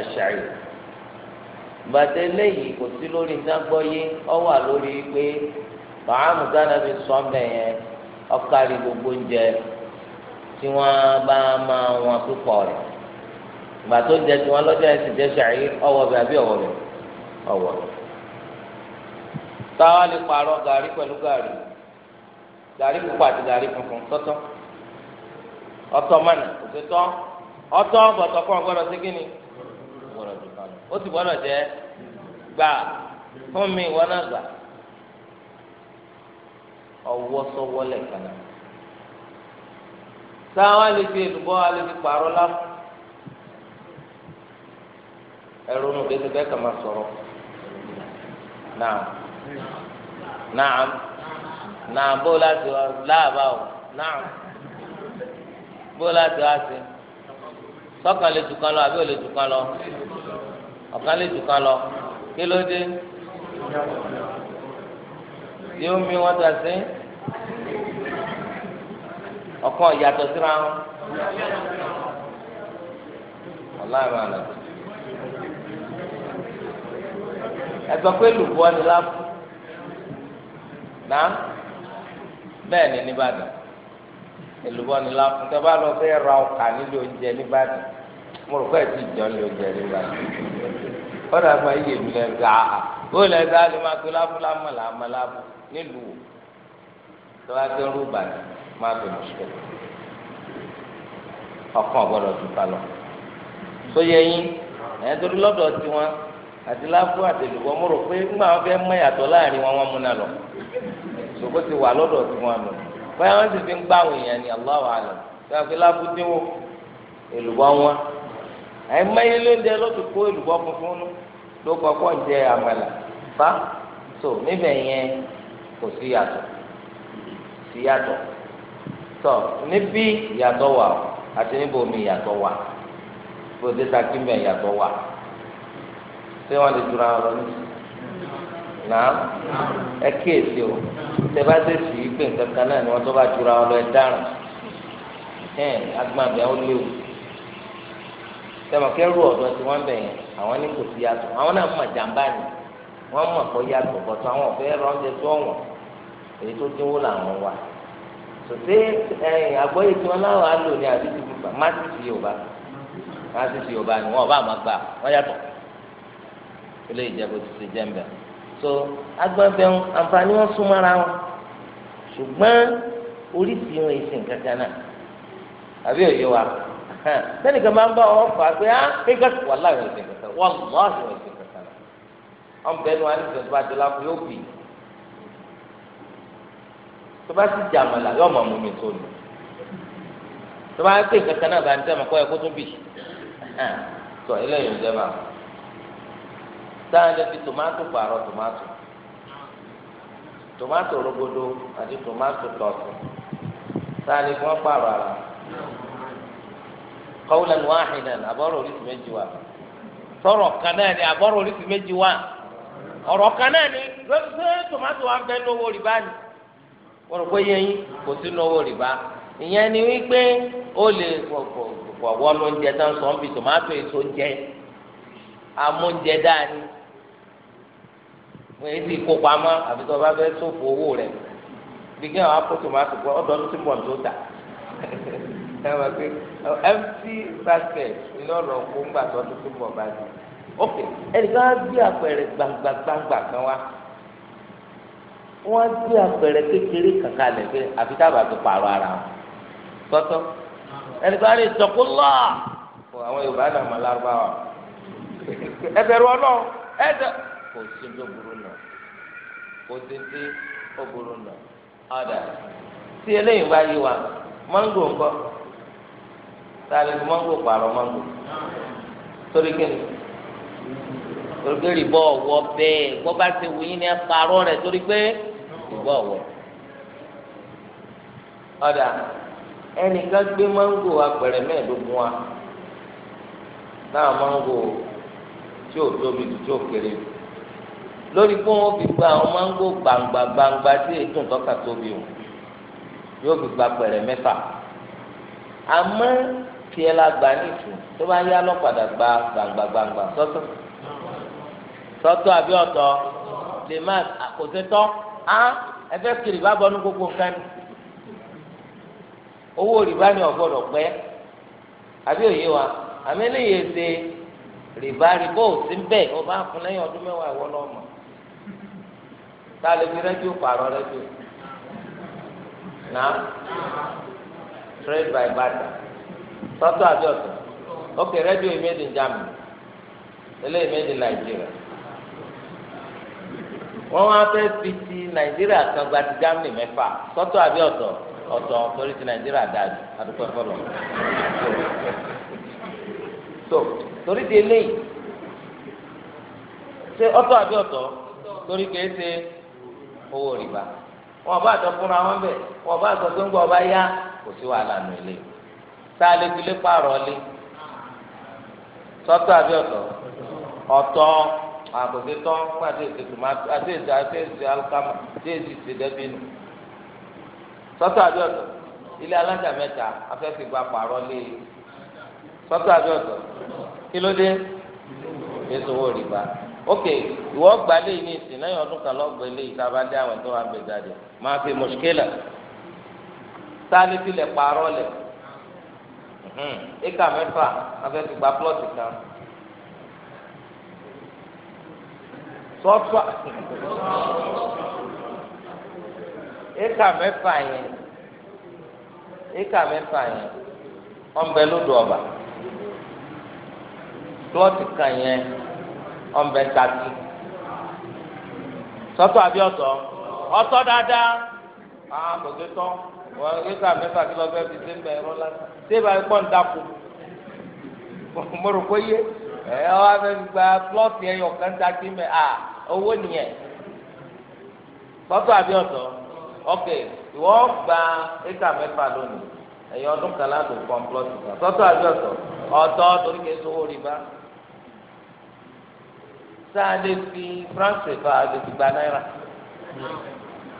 àṣàyè gbàtẹ lẹ́yìn kò sí lórí dágbọ́yé ọ wà lórí pé fàámù gánà fi sọ ọbẹ̀ yẹn ọkàrí gbogbo oúnjẹ tí wọ́n bá máa wọn púpọ̀ rẹ̀ gbà tó jẹ tí wọ́n lọ́jọ́ ẹ̀sìn jẹ́ ṣàyí ọwọ́ bẹ̀ àbí ọwọ́ bẹ̀ ọwọ́ táwa lè pààrọ̀ gàrí pẹ̀lú gàrí. gari pupa àti gàrí funfun ọtọ mana òtítọ́ ọtọ bọ̀tọ̀ kan gbọ́dọ̀ sí kínní gbọ́dọ̀ jù kan ó sì gbọ́dọ̀ fún mi ìwọ náà gbà ọwọ́ sọ́wọ́lẹ̀ kanáà sáwọn náà bó láti wá láàbá o náà bó láti wá sí sọ́kàn lè dùkan lọ àbí ò lè dùkan lọ ọ̀kan lè dùkan lọ kí ló dé yóò mi wọn tà sí ọ̀kan ìyàtọ̀ síra wọn ọláàmì àná ẹgbẹ́ pé lùbọ́ ni láàbù náà. bẹ́ẹ̀ ni nìbàdàn èlùbọ́ ni láfún tẹ́ bá lọ fẹ́ ra ọkà nílé oúnjẹ nìbàdàn mo rò pé ti jọ nílé oúnjẹ nìbàdàn kọ́dà máa yé mi lẹ́nu gbà á ó lẹ́nu sáà lè máa pe láfún lámọ̀ làmọ̀ nílùú tó bá tẹ́ rú máa ọkàn gbọ́dọ̀ tún ta lọ sóyè yín lọ́dọ̀ àti mo rò pé ńgbà wọn fẹ́ láàrin wọn wọn múná lọ. ṣòkó ti wà lọ́dọ̀ tí wọ́n lọ báyà wọ́n sì fi ń gbá èèyàn tí wọ́n fi lábúdé wò èlùbọ́ wọn àìmọye lóúnjẹ lọ́tún kó funfun ló kọ́kọ́ jẹ àmàlà fa níbẹ̀ yẹn kò sí yàtọ̀ sí yàtọ̀ níbí yàtọ̀ wà àti yàtọ̀ wà yàtọ̀ wà ṣé wọn lè dúró àwọn náà ẹ tẹ bá ṣe sì pé nǹkan náà ni wọn tó bá jura ọ lọ ẹ dáràn ẹn agbábẹ ó léwu tẹmọ kẹrù ọdọ tí wọn bẹ yẹn àwọn ní kò sí yàtọ̀ àwọn náà mọ jàmbá ni wọn mọ kọ yàtọ̀ bọtọ àwọn ọfẹ rọńdẹ tó wọn èyí tó dínwó làwọn wà sọtẹ ẹyìn àgbọyé tí wọn láwọn á lò ní àdúgbò gbígbà má sì sí yorùbá má sì ni wọn ọba àmọ́ gbà wọn yàtọ̀ ilé ìjẹbù ti ṣe jẹ ń bẹ so agbábẹ àǹfààní wọn súnmọ́ra wọn ṣùgbọ́n oríṣi wọn èsì nǹkan kan náà àbí òye wa sẹ́nìkan máa ń bá wọn fà á pé á ah, kéka wà láàrin èsì nǹkan kan wọ́n lọ́ àrùn èsì nǹkan kan náà wọ́n bẹ́ẹ̀ ni wọ́n á ní ìjọba àjọlá fún yóò bì í tó bá sì jà mọ̀lá yóò mọ̀ mú tó nù tó bá gbé nǹkan kan náà bá ń tẹ́ mọ̀ kọ́ ẹ kó tún bì í tọ́ eléyìí ń jẹ́ bá táwọn ẹni fi tòmátò pààrọ̀ tòmátò. tomato rogodo àti tomato tọ̀tù sáàlì kan pààrọ̀ àrà kọ́wúlẹ̀nù wáhìnàn àbọ̀rọ̀ oríṣi méjì wà sọ̀rọ̀ kan náà ni àbọ̀rọ̀ oríṣi méjì ọ̀rọ̀ kan náà ni tomato wa ń bẹ lówó rìbá ni wọ́n rò pé yẹn kò sí lówó rìbá ìyẹn ni wípé ó lè wọ̀wọ́ lóúnjẹ tán sọ̀ ń bi tomato èso jẹ amóúnjẹ dáa ni. wọn èyí sì kó pamọ́ àfi tó o bá fẹ́ sófò owó rẹ bí kí àwọn akó tòmátì pọ ọdọ ọdún tí mò ń tó tà ẹ wá pé empty basket ni ọ̀rọ̀ kó ń gbà tó ọdún tí mò ń bá di ok ẹnìkan á gbé àpẹẹrẹ gbangba gbangba kan wá wọn á gbé àpẹẹrẹ kékeré kankan lẹ pé àfi tábà tó pààrọ̀ ara wọn tọtọ ẹnìkan á lè tọkú lọ àwọn Yorùbá náà mọ Lárúbáwá ẹbẹrù Ọlọ́run kò sí tó burú nà kò sí tí ó nà ọ̀dà tí eléyìí bá yí wa mango. ńkọ sáré mango pààrọ mango torí kí ni torí pé rìbọ ọwọ bẹ́ẹ̀ bá ti wù yín ẹ torí pé rìbọ ọwọ ọ̀dà ẹnìkan gbé lórí pé wọn fi gba àwọn máńgò gbangba gbangba tí ètò ìtọ́ka tóbi o yóò fi gba pẹ̀rẹ̀ mẹ́fà àmọ́ tiẹ̀ la gbà ní ìtù tó bá yá lọ́padà gba gbangba gbangba sọ́tọ̀ sọ́tọ̀ àbí ọ̀tọ̀ lè má àkòtẹ́tọ́ á ẹfẹ́ kiri bá bọ́ ní gbogbo nǹkan ni owó rìbá ni ọ̀gbọ́dọ̀ pẹ́ àbí òye wa àmì eléyìí ṣe rìbá rìbá ò sí bẹ́ẹ̀ ọba fún lẹ́yìn ọdún mẹ́wàá ìwọ́lọ́mọ. ta lè fi rẹ́díò pààrọ̀ rẹ́díò náà trade by barter sọ́tọ̀ àti ok rẹ́díò made Germany eléyìí made in wọ́n wá fẹ́ fi ti Nàìjíríà kan gba ti Germany mẹ́fà sọ́tọ̀ àbí ọ̀tọ̀ torí ti Nàìjíríà dájú adúpẹ́ fọlọ́ so torí ti eléyìí ṣé ọ̀tọ̀ àbí torí kìí ṣe. owó rìbá wọn bá àjọ fúnra wọn bá gbọ ọba yá kò sí wàhálà nù ilé tá a lè fi lé pààrọ lé sọ́tọ̀ àbí ọ̀tọ̀ ọ̀tọ̀ àkòtí tọ́ fún àti tòmátì àti èsì àti àti nù àbí ọ̀tọ̀ ilé alájà mẹ́ta afẹ́fẹ́ gba ok ìwọ gba léyìn ní ìsìn lẹ́yìn ọdún kan lọgbẹ léyìn tá a bá dé àwọn tó wà gbé jáde máa fi mọṣúkélà sáálé filẹ pààrọ lẹ mhm. éka mẹ́fà afẹ ti gba plọtì kan sọtọ éka mẹ́fà yẹn éka mẹ́fà yẹn ọmọbẹ ló dùn ọba plọtì kan yẹn ọ̀nbẹ tati sọ́tọ̀ àbí ọ̀tọ̀ ọ̀tọ̀ dáadáa àwọn àgbègbè tọ́ wọ́n yíká mẹ́fà kí lọ́ọ́ fẹ́ fi dé mbẹ́ ẹ̀rọ lánàá sébà ẹ̀kọ́ ń dako mo rò pé yé ẹ̀ wá fẹ́ fi gba plọ́ọ̀tì ẹ̀yọ̀ kan tati mẹ́ à owó nìyẹn sọ́tọ̀ àbí ọ̀tọ̀ ok ìwọ́ gba yíká mẹ́fà lónìí ẹ̀yọ̀ ọdún kan láti kọ́ plọ́ọ̀tì kan sọ́tọ̀ àbí ọ̀tọ̀ ọ̀tọ̀ torí kì í sọ owó rìbá sáadé fi france fa àgbègbè gba náírà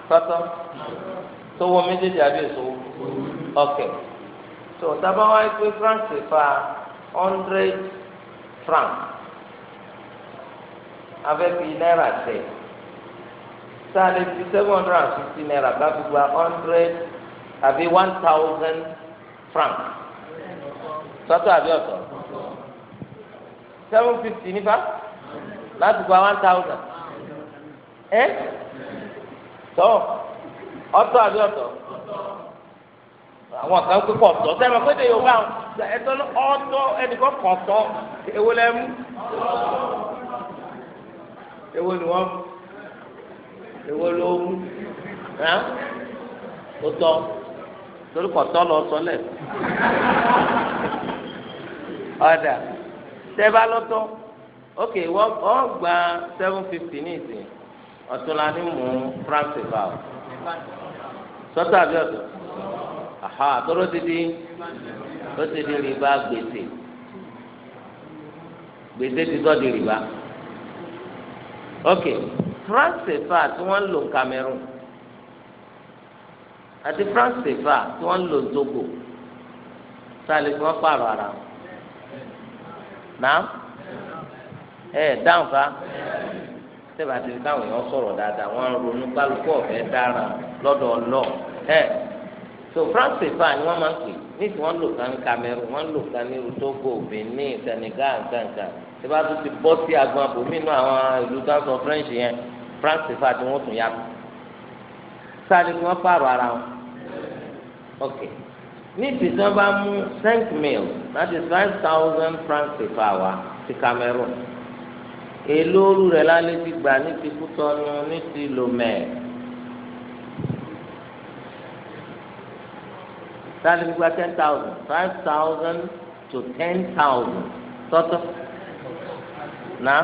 kọtọ sowó méjèèjì àbí ìṣòwò ọkẹ tó sábà wáyé pé france fa hundred franc afẹ́ fi náírà tẹ sáadé fi seven hundred and fifty náírà bá fi gba hundred àbí one thousand franc sọtọ àbí ọ̀tọ̀ seven fifty nípa láti gba one thousand ẹ tọ ọ̀tọ̀ àbí ọ̀tọ̀ àwọn kan pé kọtọ sẹ ẹ máa pété yorùbá ẹ̀tọ́ ọ̀tọ̀ ẹnìkan kọtọ ewo lẹ mú ewo ni wọn ewo ló mú ẹ ó tọ torí kọtọ lọ sọ lẹ ọdà tẹ bá lọtọ ok wọ́n ọ gba seven fifty ní ìsìn ọ̀túnla ní mú franc fà ó sọ́tọ̀ àbí ọ̀tọ̀ aha àtọ́rọ́ ti di ó ti di rìbá gbèsè gbèsè ti sọ́ di rìbá ok franc fà tí wọ́n lò Cameroon àti franc fà tí wọ́n ń lò Togo sáà lè fi wọ́n pààrọ̀ ara náà ẹ dáhùn fa sẹba ti káwọn èèyàn sọ̀rọ̀ dáadáa wọn ń ronú kálukú ọ̀fẹ́ dára lọ́dọ̀ ọlọ ẹ so france fa ni wọn máa ń pè níbi wọn lò kan Cameroon wọn lò kan ní Togo Benin Senegal nǹkankan sẹba tó ti bọ́ sí agbọn abòmí inú àwọn ìlú tó ń french yẹn france fa ti wọn tún yàtọ̀ sáré ni wọn pààrọ̀ ara wọn ok níbi tí wọn bá mú cinq mille that is five thousand francs fa wa ti Cameroon èlóoru rẹ̀ lálẹ́ ti gbà ní ti kútọ́nu ní ti lòmẹ̀. sáàlì gbígbà ten thousand five thousand to ten thousand tọ́tọ́ na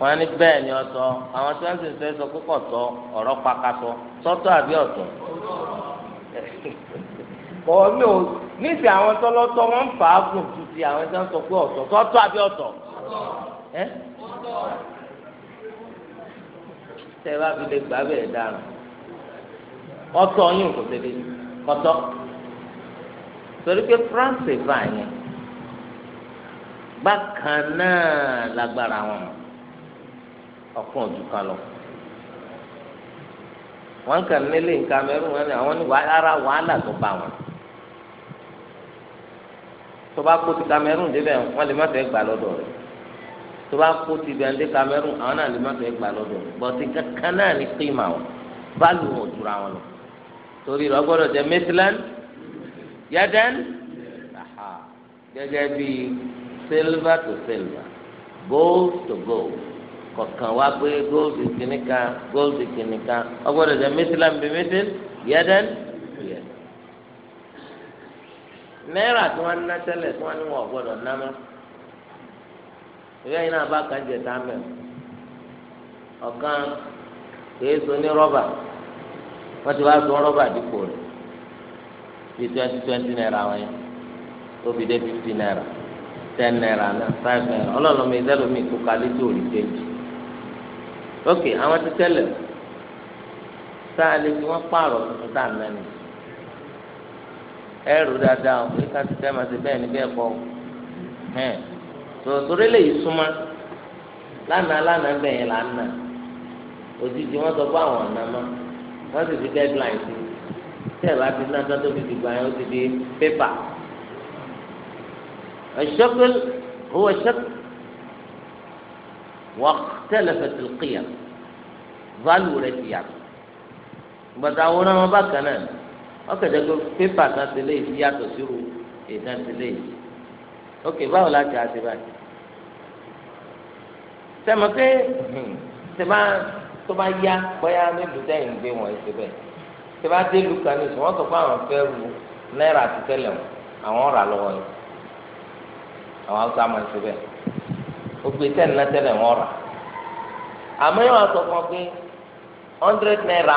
wọ́n ní bẹ́ẹ̀ ni ọ̀tọ̀ àwọn tí wọ́n sì ń fẹ́ sọ pé kọ̀tọ̀ ọ̀rọ̀ pakatọ̀ sọ́tọ̀ àbí ọ̀tọ̀ kọ́ mi ò níbi àwọn tọ́lọ́tọ́ wọn fà á gùn ju ti àwọn tí wọ́n sọ pé ọ̀tọ̀ tọ́tọ́ àbí ọ̀tọ̀ ẹ́ tẹ́ bá fi lè gbà bẹ́ẹ̀ dáràn ọ̀tọ̀ yín kò tẹ̀lé kọ́tọ́ torí pé France bá yẹn bákan náà lágbára wọn ọ̀pọ̀ ojú kan lọ wọn kàn nílé Cameroon wọn ni àwọn ní wàhálà tó bá wọn tó bá kó ti Cameroon débẹ̀ wọ́n lè má fẹ́ gbà lọ́dọ̀ rẹ̀ tó bá kó ti bẹ̀ dé Cameroon àwọn náà lè má fẹ́ gbà lọ́dọ̀ rẹ̀ bọ́tí kankan náà ní kéema wọn báàlù wọn jura wọn lọ torí rẹ̀ ọgbọ́dọ̀ jẹ́ mẹ́tìlán yadan gẹ́gẹ́ bíi silver to silver gold to gold kọ̀ọ̀kan wá pé gold kìnìkan gold kìnìkan ọgbọ́dọ̀ jẹ́ mẹ́tìlán bíi mẹ́tìl yadan yẹn. náírà tí wọ́n ná tẹ́lẹ̀ tí wọ́n ní wọn gbọ́dọ̀ ná mọ́ ìyá yìí náà bá kàn jẹ tá ọgan ọ̀kan kìí so ní wọ́n ti wá so rọ́bà dípò rẹ̀ bí twenty twenty náírà wọn yẹn tó fi dé fifty náírà ten náírà náà five náírà ọlọ́run mi ìdẹ́lu mi kó tó ok àwọn ti tẹ́lẹ̀ sáà lè fi wọ́n pààrọ̀ tuntun ẹrù dáadáa o pé ká ti fẹ́ máa ṣe bẹ́ẹ̀ ni bẹ́ẹ̀ kọ́ o hẹ́n tòtòrí lè yí súnmọ́ lánàá lánàá bẹ́ẹ̀ yẹn lánàá òjijì wọn sọ fún àwọn ọ̀nà mọ́ wọ́n sì fi deadline sí tí ẹ̀ bá ti ná tó fi dìgbà yẹn ó ti di pépà ẹ̀ṣọ́kẹ́l owó ẹ̀ṣọ́kẹ́l wọ́n tẹ̀lé fẹ̀tìlì kìyà válù rẹ̀ ti yàtọ̀ àwòrán wọn kan náà wọ́n kẹ̀dẹ́ pé pépà náà ti lé yìí yàtọ̀ síru èdè ti lé yìí ok báwo la jà sí báyìí sẹ́mi pé sẹ́mi tó bá yá bóyá nílùú tẹ̀yìn gbé wọn ṣe bẹ́ẹ̀ sẹ́mi á dé lu kan ní sùn wọ́n sọ pé àwọn fẹ́ ru náírà ti tẹ́lẹ̀ wọn àwọn rà lọ́wọ́ yìí àwọn haúsá máa ń ṣe bẹ́ẹ̀ ó náà tẹ́lẹ̀ wọn rà àmọ́ yóò wá sọ fún ọ pé hundred naira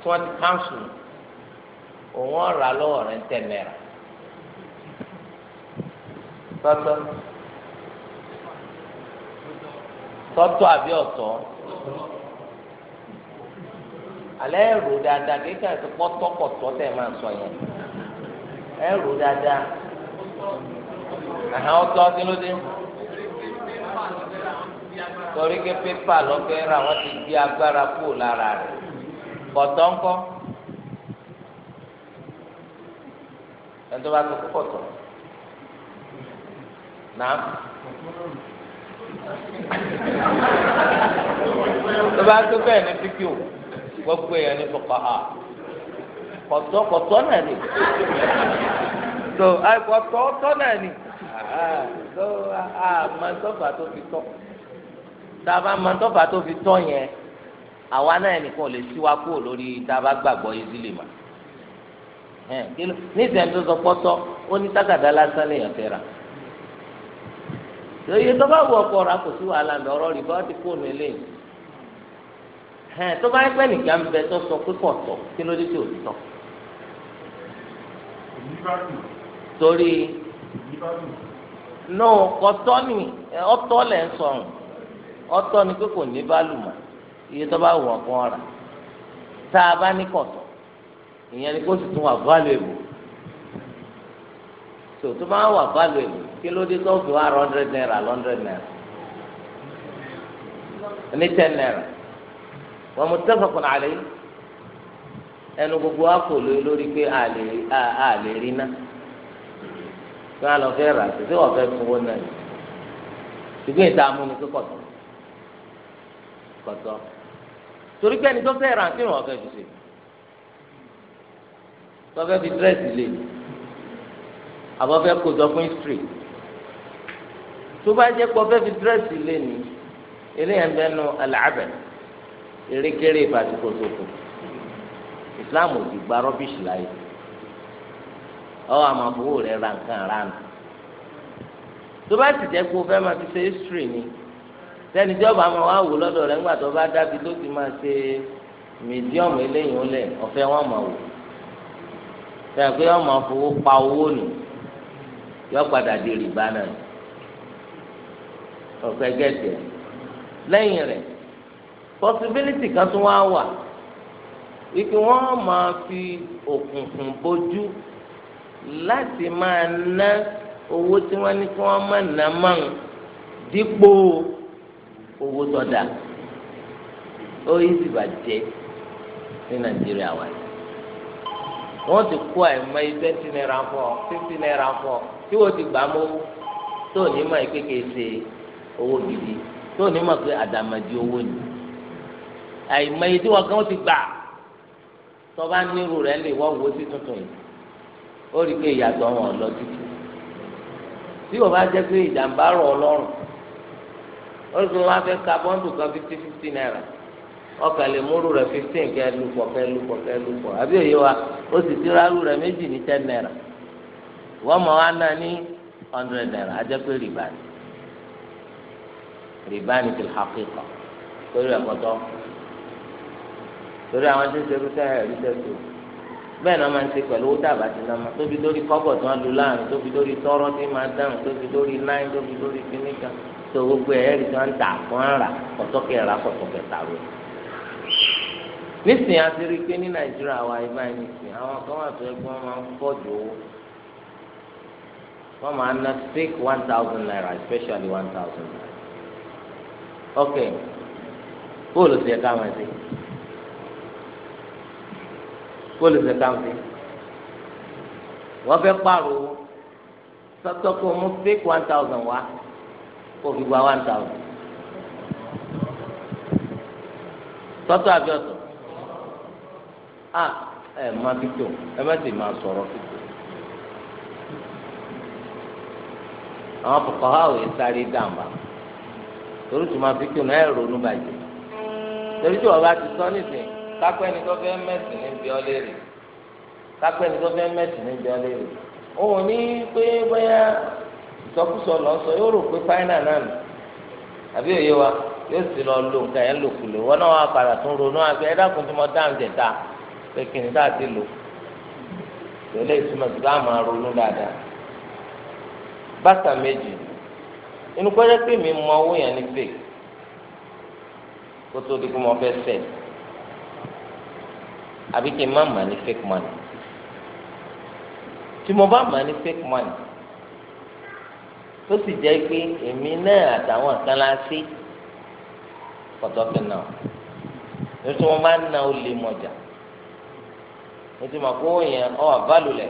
tí wọ́n ti káńsù òun ọ̀rà lọ́wọ́ rẹ̀ ń tẹ̀ náírà tọ́tọ́ tọ́tọ́ àbí ọ̀tọ́ alẹ́ ẹ̀rù dáadáa kéka ẹ̀sìn pọ́tọ́pọ̀tọ́ tẹ̀ máa sọ yẹn ẹ̀rù dáadáa àhán ọtọ́ kí ló dé torí ké pépà lọ́fẹ́ rà wọ́n ti di agbára kúrò lára rẹ̀ ńkọ́. ẹni tó bá tó kókò tó nà tó bá tó bẹ́ẹ̀ ní fíkìó gbogbo èèyàn ní fọkà á kọ̀tọ́ kọ̀tọ́ náà ni tó àìkọ̀tọ́ tọ́ náà ni tó àmọ́tọ́fà tó fi tọ́ tá a bá mọ́tọ́fà tó fi tọ́ yẹn àwa náà nìkan ò lè ṣíwá kúrò lórí tá a bá gbàgbọ́ yìí sílè mà ní ìsẹ̀yìn tó sọ pọ́tọ́ ó ní tágàdá lásán lèèyàn fẹ́ rà lóye tó bá wù ọkọ rà kò sí wàhálà ń bẹ ọ̀rọ̀ rìbá ti fóònù eléyìí tó bá yẹ pé nìkan bẹ tó sọ pé kò tọ́ kí ló dé tí ò tọ́ torí no kọtọ́ ni ọtọ́ lẹ̀ ń sọ̀rùn ọtọ́ ni pé kò ní bá lù mọ́ iye tó bá wù ọkọ rà tá a bá ní kọ̀tọ́ ìyẹn ni kó sì tún wà valuable tó tó bá wà valuable kí ló dé tó fi wá hundred naira hundred naira ní ten naira wa muttafaqun alayhi ẹnu gbogbo akọlù lórí pé a lè a rí ná kí wọn lọ rà sí sí wọn fẹ́ fowó náà yìí ìta amúni pé kọ̀tọ̀ kọ̀tọ̀ torí pé ẹni tó fẹ́ rà sí wọn fẹ́ fi ṣe tọ́fẹ́ fi dírẹ́sì lè àbọ̀fẹ́ kò jọ fún history tó bá jẹ́ pé ọfẹ́ fi dírẹ́sì lè ní eléyàn bẹ́ẹ̀ nu alábẹ̀ erékeré ìbátìkòtòkò Islam ò ti gba rọ́bìṣì láyé ọ àmọ́ àbúrò rẹ̀ ra nǹkan ránù tó bá sì jẹ́ pé o fẹ́ máa fi ṣe history ni sẹ́ni tí ọba máa wá wò lọ́dọ̀ rẹ̀ ńgbà tó bá dábì tó ti máa ṣe mídíọ̀mù eléyìí ó lẹ̀ ọ̀fẹ́ wọn máa wò sẹ́yìn pé ọmọ fowó pa owó nù yọ padà di rìbá náà ọ̀fẹ́ gẹ̀ẹ́sì lẹ́yìn rẹ̀ possibility kan tún wá wà wípé wọ́n máa fi òkùnkùn bójú láti máa ná owó tí wọ́n ní kí wọ́n máa ná máa dípò owó tọ́da ó yí sì bàjẹ́ ní nàìjíríà wáyé wọ́n ti kó àìmọ iṣẹ́ tí náírà fún ọ fífi náírà fún ọ tí wọ́n ti gbà mọ́ tó ní mọ̀ pé kìí ṣe owó gidi tó ní mọ̀ pé àdàmọ̀dì owó ni àìmọ iṣẹ́ tí wọ́n kàn ti gbà tó bá nírú rẹ̀ lè wọ́n wo sí tuntun yìí ó rí i pé ìyàtọ̀ wọn lọ títí tí o bá jẹ́ pé ìjàmbá rọ̀ ọlọ́run ó rí pé wọ́n á fẹ́ ka bọ́ńdù kan fifty fifty náírà ọkà lè múrú rẹ fifteen kẹ lùpọ̀ kẹ lùpọ̀ kẹ lùpọ̀ àbí òye wa ó sì ti rárú rẹ méjì ní ten naira wọ́n mọ̀ wá náà ní hundred naira ajẹ́ pé rìbá ni rìbá ni ti hàkì kọ̀ torí ẹ̀kọ́ tọ́ torí àwọn tí ń ṣe rúṣẹ́ ẹ̀rí tẹ̀sí bẹ́ẹ̀ náà máa ń ṣe pẹ̀lú owó tàbá ti náà tóbi lórí kọ́bọ̀ tí wọ́n lu láàrin tóbi lórí tọ́rọ́ tí máa dáhùn tóbi lórí náírà tóbi lórí kíníkà tó gbogbo ẹ̀rí tí wọ́n ń tà fún ara kọ̀tọ́kẹ́ ra kọ̀tọ́kẹ́ tààrọ̀ nísìnyí a ti rí i pé ní nàìjíríà wa ibà yìí nìsín àwọn kan wà tó yẹ kí wọ́n máa ń pọ̀ jù owó wọ́n máa ń ná take one thousand naira especially one thousand naira ok bóòlù sí ẹ̀ka wọn sí bóòlù sí ẹ̀ka wọn sí wọ́n fẹ́ pààrọ̀ owó sọ́tọ́ kó mú take one thousand wá kó fi gba one thousand sọ́tọ́ àbí ọ̀tọ̀. a ẹ má fi ẹ má sì máa sọ̀rọ̀ fi àwọn kọ̀kọ́ àwọn yẹn sáré dàmbà torí tó máa fi náà ẹ ronú torí ti sọ nísìnyí kápẹ́ ni tó fẹ́ mẹ́sìn ní bí ọ kápẹ́ ni tó fẹ́ mẹ́sìn ní bí ọ òun ní pé bóyá ìsọkúsọ lọ lọ pé kìnìún tá a ti lò tẹ̀lé ìtumọ̀ sí láàmú aronú dáadáa bàtà méjì inú pẹ́ẹ́rẹ́ pé mi mọ owó yẹn ní fake kó tó di kó mo fẹ́ sẹ̀ àbí kí n má mà ní fake money tí mo bá mà ní fake money tó sì jẹ́ pé èmi náà àtàwọn kan pọ̀tọ́fẹ́ náà nítorí wọ́n máa ń na olè mọ̀jà. o ti mọ̀ kó owó yẹn ọ wà válù lẹ̀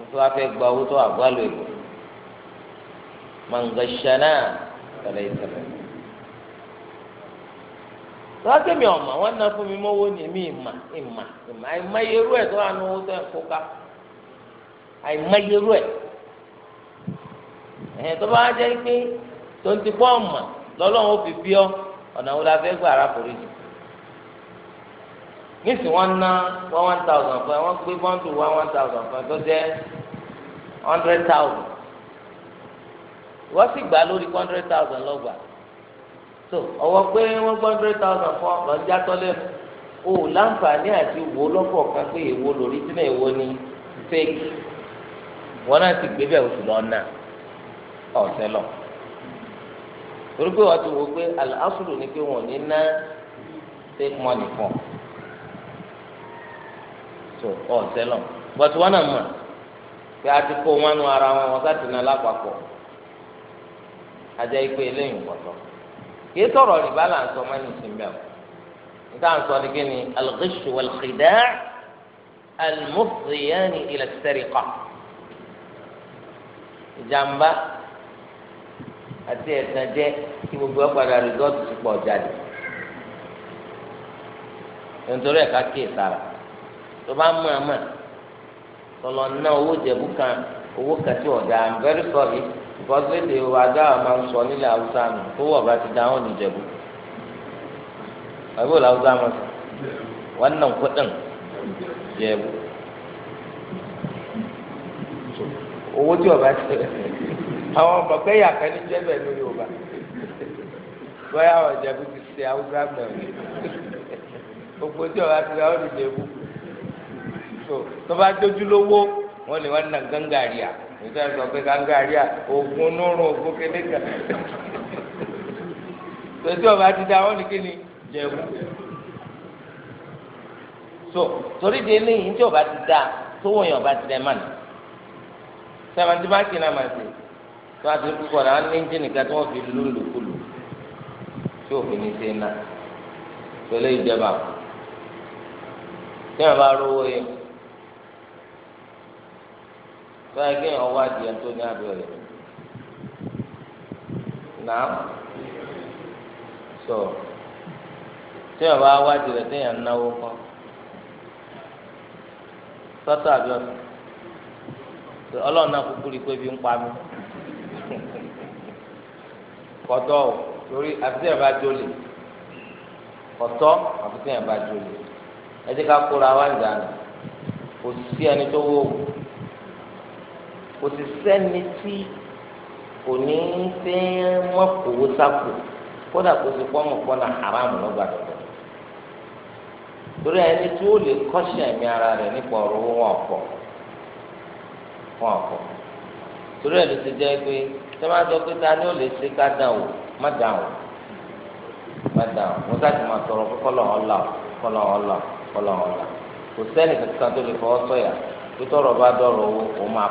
o ti wá fẹ́ gba owó tó wà válù èlò mangashana tẹ̀lé tẹ̀lé lọ́sẹ̀mi ọ̀mà wọn ná fún mi mọ́wó ni mi ìmà ìmà ìmà àìmọyerú ẹ̀ tó wà ní owó tẹ̀ kó ká àìmọyerú ẹ̀ ẹ̀hìn tó bá jẹ́ pé nísì wọn ná one one thousand fún ẹ wọn gbé bọ́ńdù one one thousand fún ẹ tó jẹ́ hundred thousand wọ́n sì gbà lórí hundred thousand lọ́gbà so ọwọ́ pé wọ́n gbọ́ hundred thousand fún ọ lọ́jà tọ́lẹ̀ o láǹfààní àti wo lọ́pọ̀ kan pé èwo lórí tí náà èwo ni fake wọn náà ti gbé bẹ́ẹ̀ oṣù lọ́nà ọ̀sẹ̀ lọ torí pé wọ́n ti wò pé àlàáfùrù ni pé wọ́n ní ná fake money fún ọ so ọ̀sẹ̀ lọ bọ̀tí wọn náà mọ̀ pé a ti kó wọn nu ara wọn wọn sáti náà lápapọ̀ ajá ikú eléyìí pọ̀tọ́ kìí sọ̀rọ̀ rìbá là ń sọ mọ́ ní ìsinmi ọ̀ níta ń sọ ní kí ni al-ghishu wal-khida' ìjàmbá àti ẹ̀sán jẹ́ kí gbogbo ọ̀padà rìsọ́ọ̀tù ti pọ̀ jáde nítorí ẹ̀ka kíyè sára tó bá mọ̀ àmọ̀ tọ̀lọ̀ ná owó jẹ̀bú kan owó kan tí i'm very sorry because lédè wàdà máa ń sọ nílẹ̀ haúsá mi tó wọ̀ bá ti dáhùn ní jẹ̀bú àbúrò làwùjọ àmọ̀ sọ wọn nà ń kọ́tàn jẹ̀bú owó tí ọba ti àwọn bàbá ẹ̀yà kan ní jẹ́bẹ̀ ní yorùbá bóyá ọ̀jẹ̀bú ti ṣe haúsá mẹ́rin gbogbo tí ọba ti dáhùn ní jẹ̀bú so tó bá dojú lówó wọn lè wọn nà gángaria nígbà tó sọ pé gángaria oògùn nùrùn oògùn kékeré tòtí ọba ti da wọn ni kí ni jẹun so torí de eléyìí ní tí ọba ti da tówó yẹn ọba ti dẹ mọ ni sẹwọn tí bá kí náà máa ṣe tó a ti kúkọ náà ní jíìnì kan tí wọn fi lù lùkulù tí òfin ní ṣe náà tòlẹ́ ìjọba tí wọn bá rówó yẹn báyìí kí èèyàn wá di ẹni tó ní abẹ́rẹ́ náà sọ tí èèyàn bá wá di rẹ̀ téèyàn náwó kọ́ sọ́tọ̀ àbí ọ̀sán ọlọ́run náà kúkú rí i pé bí ń pa mí kọ́tọ́ o torí àfi téèyàn bá jólè kọ́tọ́ àfi téèyàn bá jólè ẹ jẹ́ ká kóra wá ìdáná kò sí ẹni tó wó o. kò sì sẹ́ni tí kò ní í fẹ́ mọ́kòwó sápò kódà kò sì pọ́nmọ̀ pọ́nà haram lọ́gbà dọ̀dọ̀ torí ẹni tí ó lè kọ́ṣẹ́ ẹ̀mí ara rẹ̀ nípa ọ̀rọ̀ wọn ọ̀pọ̀ wọn ọ̀pọ̀ torí ti jẹ́ pé ni o má dà o má dà o mo tọrọ kọ́lọ̀ kọ́lọ̀ kò sẹ́ni kankan tó lè fọwọ́ sọ̀yà pé bá dọ̀rọ̀ owó òun máa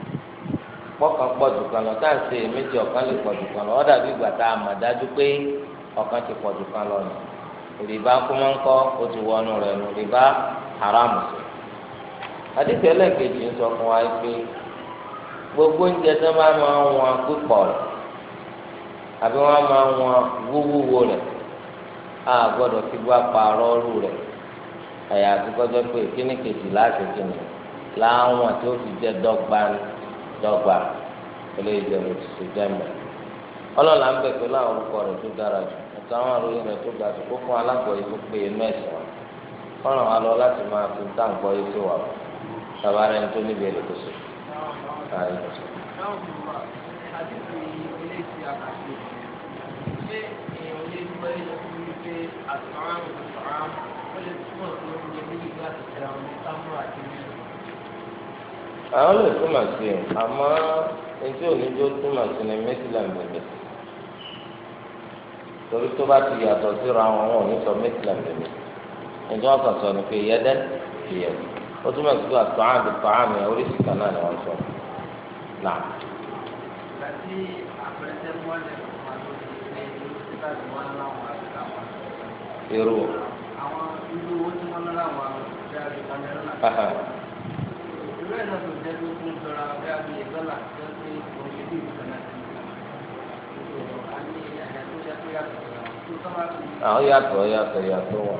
pọ́kàn pọ̀ jù kan lọ táà ṣe méjì ọ̀kan lè pọ̀ jù kan lọ ọ̀dà bí ìgbà tá a mà dájú pé ọ̀kan ti pọ̀ jù lọ nù rìbá kúmọ́ ń ti wọnú rẹ̀ nù rìbá haram sí. àdìsí ẹlẹ́ẹ̀kejì ń sọ fún wa pé gbogbo oúnjẹ tó máa máa ń wọn pípọ̀ rẹ̀ àbí wọ́n máa ń wọn wúwúwo rẹ̀ á gbọ́dọ̀ fi wá pààrọ̀ ọ̀rù rẹ̀ àyàfi kọjọ́ pé kíní láti kíní láwọn tí ó jẹ́ dọ́gba dọ́gba eléyìí jẹ́ mo ti ṣe jẹ́mẹ̀. ọlọ́la ń bẹ̀ pẹ̀lú àwọn tó dára jù àti àwọn àròyìn rẹ̀ tó ga jù kó fún alágbọ̀yé tó pé inú ẹ̀sìn wa kọ́ràn wa lọ láti máa tó wà tó níbi so. àwọn lè túmọ̀ sí o àmọ́ etí onídjó túmọ̀ sí ni mẹ́tìlá mẹ́lẹ̀ torí tó bá ti yàtọ̀ síra wọn wọn ò ní sọ sọ ni pé yẹ́dẹ́ yẹ o túmọ̀ sí wà tó àmì tó àmì oríṣi kan náà ni wọ́n sọ nà. láti àpẹẹrẹ wọn ló ti ṣe ní sípà tí wọ́n láwọn àti àwọn. irú. àwọn irú owó tí láwọn bẹ́ẹ̀ náà ló jẹ́ tó tún jọra bẹ́ẹ̀ bí ìgbọ́là tó ń pè kò ní bí ìgbọ́n náà ti gbà. àwọn yàtọ̀ yàtọ̀ yàtọ̀ wà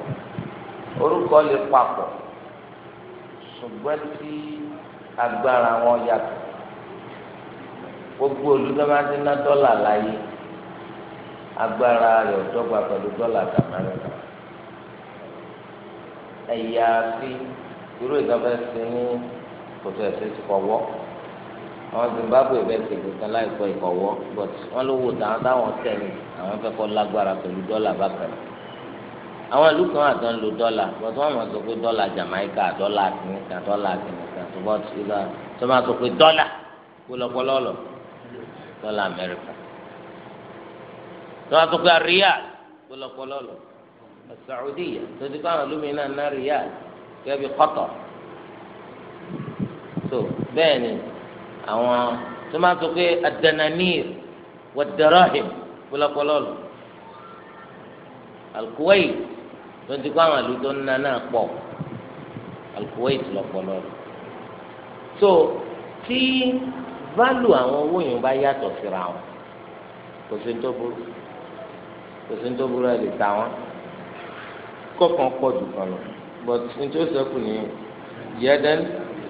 orúkọ lè papọ̀ ṣùgbọ́n tí agbára wọn yàtọ̀ gbogbo olùdókòwò ná dọ́là láyé agbára rẹ̀ ọ̀dọ́gba pẹ̀lú dọ́là tàmánà ẹ̀yà fi irú ìdọ́fẹ́ sí ní kòtò ẹsẹ ti kọwọ àwọn Zimbabwe bẹ́ẹ̀ ti gbẹkan láìpẹ́ ìkọwọ but wọn ló wò táwọn táwọn tẹni àwọn fẹ́ kọ lágbára pẹ̀lú dọ́là bákan àwọn ìlú kan àti wọn lo dọ́là but wọn mọ sọ pé dọ́là Jamaica dọ́là kìnìkan dọ́là kìnìkan tó bá ti lọ tó máa sọ pé dọ́là kó lọpọlọlọ dọ́là Amẹ́ríkà tó máa sọ pé ríà kó lọpọlọlọ Saudiya tó ti kọ́ àwọn olómìnira náà ríà kẹ́ẹ́ bí Qatar so bẹ́ẹ̀ ni àwọn tó máa sọ pé adananir wà darahim kpọlọpọlọ lọ alukuwait tó ń ti kó àwọn àlùtò ńlá náà pọ̀ alukuwait lọpọlọ lọ so tí válù àwọn owó yẹn bá yàtọ̀ síra wọn kò sí tó burú kò sí tó burú ẹ lè ta wọn kọ̀ọ̀kan pọ̀ jù kan lọ but ní tó sẹ́kù ní yẹ́dẹ́ni.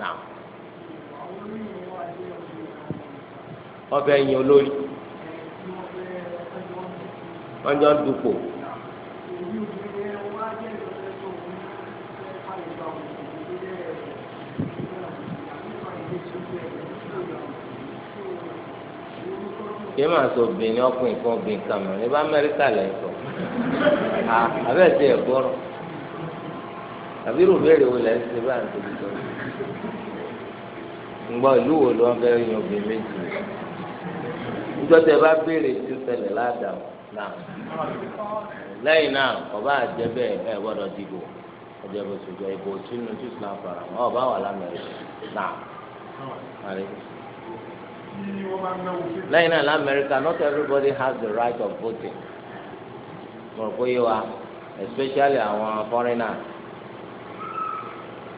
náà ọbẹ̀ yẹn olórí wọ́n jọ ń dupò. kìí máa sọ obìnrin ọkùnrin kan obìnrin kan mọ ní bá amẹ́ríkà lẹ̀ ń sọ abẹ́ẹ̀ tí ẹ̀ gbọ́rọ̀ àbí rò béèrè wo lẹ̀ ń ṣe bá ń tóbi sọ ńgbọ́ ìlú wo ló ń fẹ́ yan obìnrin méjì níjọ́ tẹ bá béèrè tí ń ṣẹlẹ̀ ládàá náà lẹ́yìn náà ọba àjẹ́ bẹ́ẹ̀ ẹ gbọ́dọ̀ dìbò ọjọ́ ìbò ṣùgbọ́n ìbò sínú tí islam fara mọ́ ọba wà lámẹ́ríkà náà lẹ́yìn náà lámẹ́ríkà not everybody has the right of voting mo pé yé especially àwọn foreigners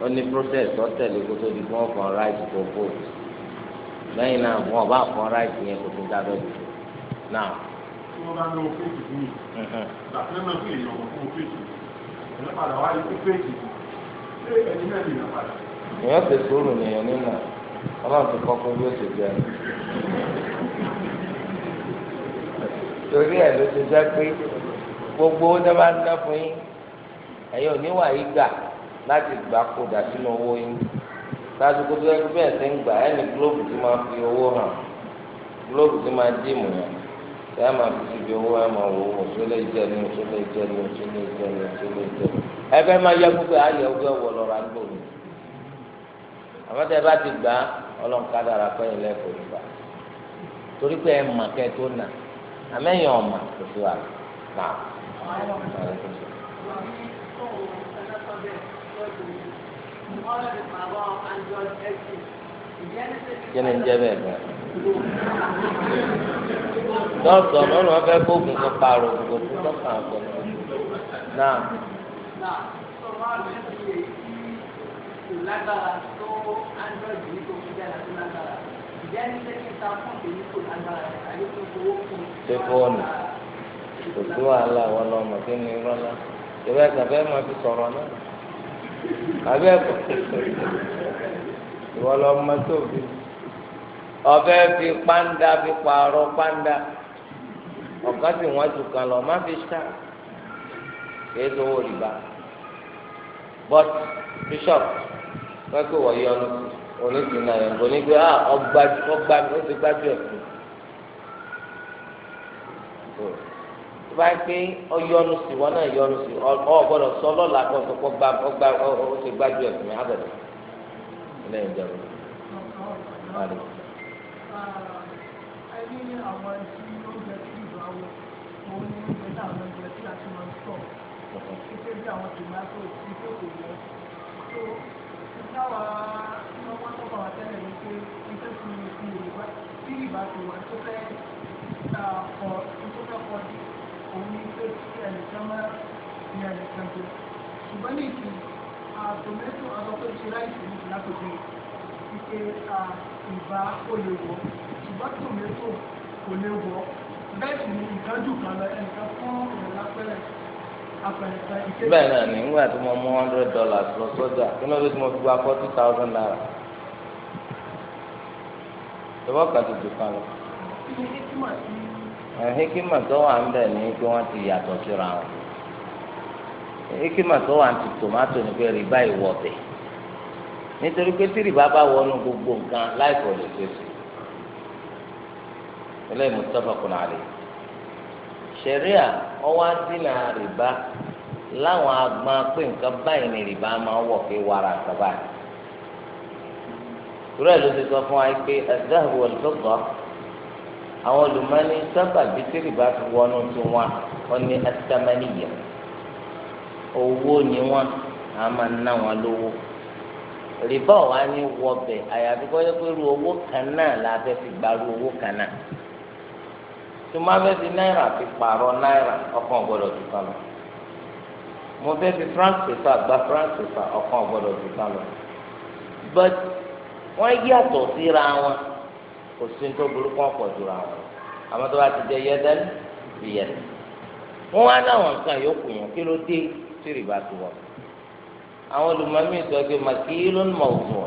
ó ní process tó tẹ̀lé kó tó di fún ọkàn right to vote lẹ́yìn náà fún ọba kan right yẹn kò tó dábẹ́ lò náà. tí wọ́n bá ń lọ fèsì fún mi làtúnyẹ́ mm-hmm. náà fi èèyàn fún fèsì ẹ̀rọ padà wá ikú fèsì ṣé ẹni náà lè yàn padà. èèyàn ti sòrò nìyẹn nínà ọlọ́run ti kọ́kọ́ bí ó ti jẹ́ torí ẹ̀ ló ti jẹ́ pé gbogbo ó dábàá ń dá fún yín ẹ̀yin ò níwà yí gbà. láti gbà kódà sínú owó yín sáájú kó tó yẹ kó bẹ́ẹ̀ ṣe ń gbà ẹni gílóòbù tí máa fi owó hàn gílóòbù tí máa dì mù ṣé ẹ máa fi síbi owó ẹ máa wò ó ṣó lè jẹ ní lè jẹ ní ṣó lè jẹ ní lè jẹ ní. ẹ fẹ́ máa yẹ gbogbo ọgbẹ́ wọ lọ́ra torí pé ẹ mà kẹ́ tó nà àmẹ́yìn ọ̀mà kò sí wa kí ni ń jẹ́ bẹ́ẹ̀ bẹ́ẹ̀ dọ́ọ̀tọ̀ mọ́nù wọn fẹ́ gbógun kan pààrọ̀ ògùn tó tọ́ka àgbọ̀n náà. lágbára tó kò sí wàhálà wọn lọ mọ̀ kí ni rọ́lá ìwé ẹ̀ka fẹ́ máa fi sọ̀rọ̀ náà abẹ́ ẹ̀kọ́ ìwọ lọ mọ tó fi ọbẹ̀ fi panda, fi pààrọ̀ pàǹdà ọ̀kan sì wọ́n ju kan lọ má fi ṣá kìí sọ owó rìbá but bishop wọ́n pè wọ́n yọ oníṣìí náà yẹn kò ní pé ah, ọgbà ọgbà ó ti gbájú ẹ̀ fún un bá pé ọyọnu sí wọn náà yọnu sí ọ gbọ́dọ̀ sọ lọlá kan tó kọ gbá ọgbà ó ti gbájú ẹ fún mi abẹ́rẹ́ lẹ́yìn ìjọba. ẹni àwọn ẹni tó ń bẹ sí ìlú àwọn òun ni ó ń bẹ láwọn ẹgbẹ́ tí a ti máa ń sọ títí bí àwọn tòmátò tí tó kò lọ tó táwa iná wọn tó bá wa tẹ́lẹ̀ ní pé iṣẹ́ tí mo fi èrè wá tí ìbá tó fẹ́ kọ tó fẹ́ kọ ní òun ní pé kí ẹnìkan máa ní ẹnìkan tó ṣùgbọ́n ní ìsìn àtòmẹ́tò ọlọ́pẹ́ ti láìsí ní ìlàkòjì ike ìbá ó lè wọ̀ ṣùgbọ́n tòmẹ́tò kò lè wọ̀ bẹ́ẹ̀ sì ni ìdájú kan lọ nígbà tí mo mú hundred dollars lọ sọ́jà kí ló dé tí mo fi gba forty thousand naira ìwọ́n kan ti dùn kan lọ. kí ni kí máa ti hekima tó wà ń bẹ̀ ni ti síra wọn tó wà ń ti tòmátò ni pé nítorí pé tí bá wọnú gbogbo nǹkan láìpọ̀ lè fèsì eléyìí mustapha kùnà àlè sẹ̀ríà ọwọ́ dínà ọwa láwọn agbọn pé nǹkan báyìí ni rìbá máa wọ̀ pé wàrà nǹkan sọ fún wa pé àwọn olùmọ́ni sábà bí tẹ́lifà fi wọnú tí wọn wọn ní atamaniya owó ni wọn a máa ná wọn lówó rìbá wa ní wọbẹ̀ àyàfi kọ́jọ́ pé ru owó kan náà la fẹ́ fi gba ru owó kan náà tó máa fẹ́ fi náírà fi pààrọ̀ náírà ọkàn gbọ́dọ̀ tó kàn lọ mo fẹ́ fi France. pepa gba franc pepa ọkàn gbọ́dọ̀ tó kàn lọ but wọ́n yàtọ̀ síra wọn. kò sí ní tó burú kọ́ pọ̀ jù àwọn àmọ́ tó bá ti jẹ yẹ́dẹ́n bí yẹn. wọ́n wá náwọn nǹkan yòókù yẹn kí ló dé tí rìbá ti wọ̀. àwọn olùmọ̀mí sọ pé màkì ló ń òfò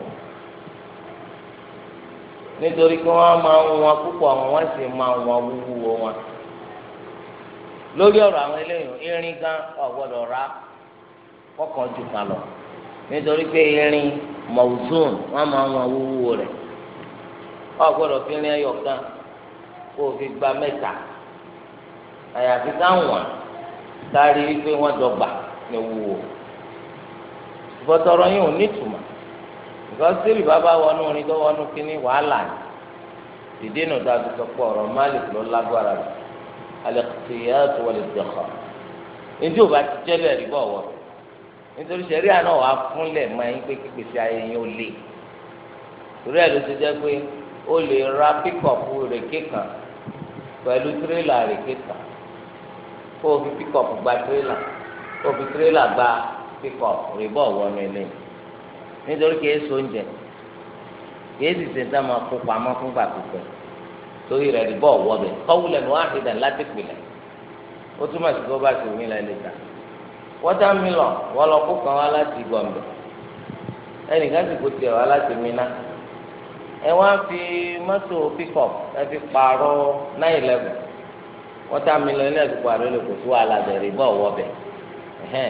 nítorí pé máa ń wọn púpọ̀ àwọn wọ́n sì máa ń wọn wọn. ọgbọ́dọ̀ fi rin ẹyọ kan kó o fi gba mẹ́ta àyàfi táwọn sáré wípé wọ́n dọ́gba ní wúwo bọ́tọ̀rọ̀ yìí ò ní ìtumọ̀ nǹkan sílì bàbá wọnú orin tó wọnú kínní wàhálà ni ìdínà dàbí sọpọ̀ ọ̀rọ̀ malik ló lágbára rẹ̀ al-iqtiyat wal-iddikhar njẹ́ ò bá ti jẹ́ bẹ́ẹ̀ rí bọ́ wọ nítorí sẹ́rí àná wàá fúnlẹ̀ máa ń pé kíkpèsè ayé yẹn ó lé torí ẹ̀ ló ti jẹ́ pé o lè ra píkọ̀pù rèké kan pẹ̀lú tírélà rèké kan kó o fi píkọ̀pù gba tírélà kó o fi tírélà gba píkọ̀pù rìbọ̀ wọnú ilé nítorí kìí so oúnjẹ kìí sì ṣe sáà máa kó pamọ́ fúngbà pípẹ́ torí rẹ̀ rìbọ̀ wọ́bẹ̀ kọ́wúlẹ̀ ní wọ́n á ti dàn láti pìlẹ̀ ó túmọ̀ sí kó bá ti wí lẹ́lẹ́ ta wọ́tàmílọ̀ wọ́n kan wá láti gbọ̀ǹbẹ̀ ẹnìkan sì kó tiẹ̀ wá láti mí náà. ẹ wá fi mọ́tò pickup ẹ fi pààrọ̀ nine eleven wọ́n tá mi lọ ilé ẹ̀sìn pààrọ̀ ilé kò sí wàhálà bẹ̀rẹ̀ bọ́ ọ̀wọ́ bẹ̀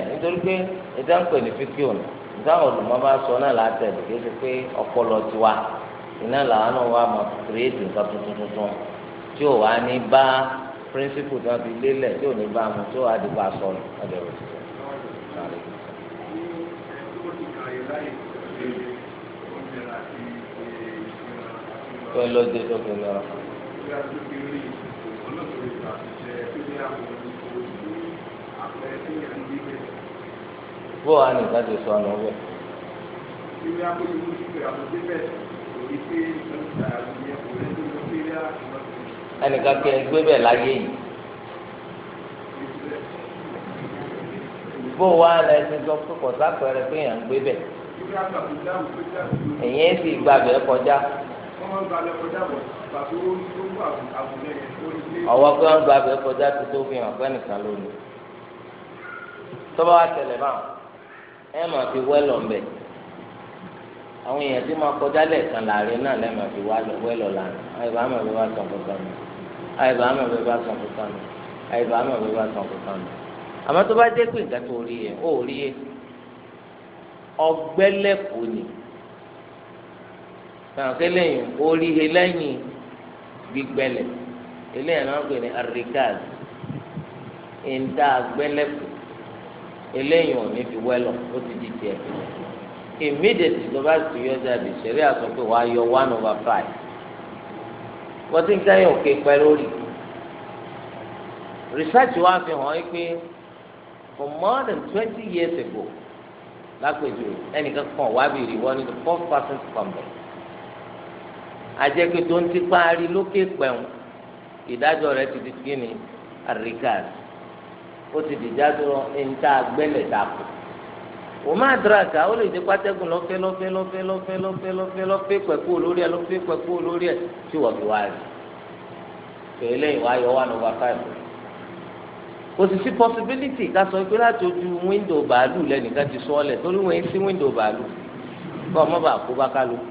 nítorí pé ìjà ń pè ní fíkì òní ìjà olùmọ́ bá sọ náà láti ẹ̀dùn kí ó ti pé ọpọlọ iná làwọn náà pé lóde tó fi lọ. bó wàá nìkan ti sọ ọ̀nà ọ̀bẹ. ẹnìkan kí ẹ gbé bẹ́ẹ̀ láyé yìí. bó wàá lẹ ti sọ pé kọ̀ọ̀sá pẹ̀rẹ̀ pé èèyàn ń gbé bẹ́ẹ̀. èèyàn sì gbàgbé kọjá ọwọ́ pé wọ́n gba abẹ́ kọjá tó tó fi hàn fẹ́nìkan lónìí tọ́ba wa tẹ̀lé bá ẹ máa fi wẹ́lọ̀ ń bẹ̀ àwọn èèyàn tí máa kọjá lẹ́ẹ̀kan láàrin náà lẹ́ẹ̀ máa fi wẹ́lọ̀ lánàá àyè bá máa fi wá sàn fún sàmì àyè bá máa fi wá sàn fún sàmì àyè bá máa fi wá sàn fún àmọ́ tó bá dé pé nǹkan tó rí yẹ ó rí yẹ ọgbẹ́lẹ̀kùn ni táwọn kéléyìn orí eléyìn gbígbẹlẹ eléyìn náà gbé ní arikaz ìta gbẹlẹkù eléyìn ò ní fi wẹlọ ó ti di tiẹ̀ immediately tó bá ti yọ jáde ṣẹlẹ̀ àtọ pé wàá yọ one over five wọ́n ti ń dáyọ̀ òkè pẹ́ lórí research wa fi hàn pé for more than twenty years ago lápèjúwe ẹnìkan kan wá bìrì wọ́n ní the first person to come back ajẹ́ pé tó ń ti parí lókè pẹ̀wọ̀n ìdájọ́ rẹ̀ ti di kíni àríkàs ó ti di jádúró ní ta gbẹ́lẹ̀ dàpọ̀ wò má dìraka ó lè di pátẹ́gùn lọ́fẹ́ lọ́fẹ́ lọ́fẹ́ lọ́fẹ́ lọ́fẹ́ lọ́fẹ́ lọ́fẹ́ pẹ̀kú lórí ẹ̀ lọ́fẹ́ pẹ̀kú lórí ẹ̀ tí wọ́n fi wá rí tẹ̀lé ìwáyọ̀ wà lọ́wọ́ fáìlì kò sì sí possibility ká sọ pé láti ojú wíńdò bàálù lẹ́nìkan ti sọ ọ́ lẹ̀ torí wọ́n ń sí wíńdò bàálù kọ́ ọ mọ́ bàá kó bá kálukú.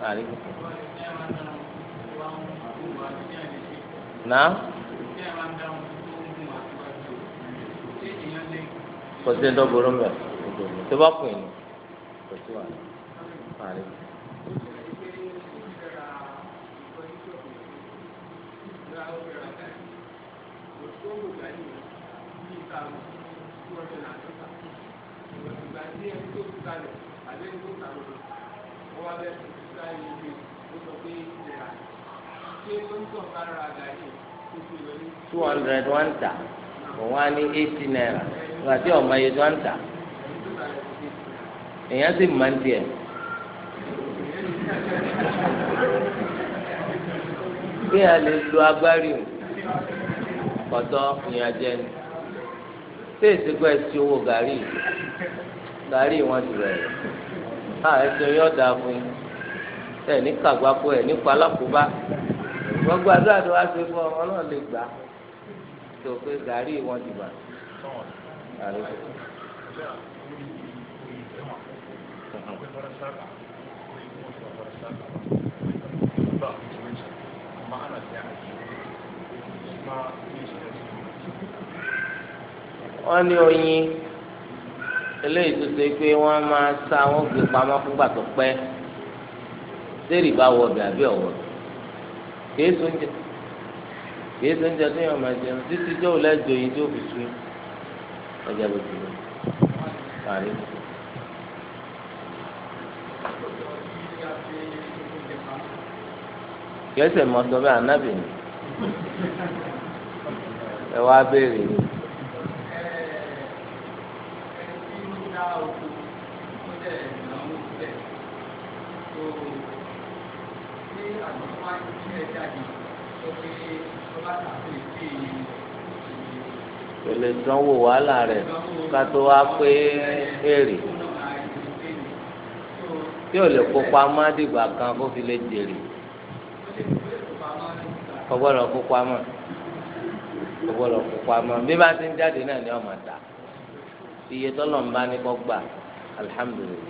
náà kò sí ndọ́gbọ̀rọ̀ mẹ́ tó bá pè ní kò sí wà ní. Thank two hundred one ta òun á ní eighty naira ìgbà tí ọmọ yẹn tó ń ta èèyàn sì máa ń tiẹ̀. bí a lè lo agbárí o kọtọ ìyàn jẹ ni ṣé ìsìnkú ẹsẹ owó gàrí gàrí wọn ti rẹ ah, ẹ ẹsẹ yóò dáa fún yín ẹ ní kàgbákò ẹ nípa alákòóbá gbogbo àdúrà tó ṣe fún ọ Ọlọ́run lè gbà tó pé gàrí wọn ti bà. wọ́n ní oyin eléyìí tó ṣe pé wọ́n máa sa wọ́n gbé pamọ́ fúngbà tó pẹ́ sẹ́rì bá wọ ọbẹ̀ àbí ọ̀wọ́ kìí sóúnjẹ kìí sóúnjẹ tó yàn máa jẹun títí tó o lẹ́jọ́ yìí tó fi sú ọjà bó ti lọ parí. kẹsẹ̀ mọ́tò bẹ́ẹ̀ anábì ni ẹ wá béèrè ni. Thank you pẹ̀lẹ́ sanwó wàhálà rẹ̀ ká tó wá pé èrè tí ò lè kópa má dìgbà kan kó fi lè jèrè ọgbọ́dọ̀ kópa mọ́ ọgbọ́dọ̀ kópa mọ́ bí bá ti ń jáde náà ni ọmọ ta iye tọ́lọ̀ ń bá ní kọ́ gbà alihamudulilayi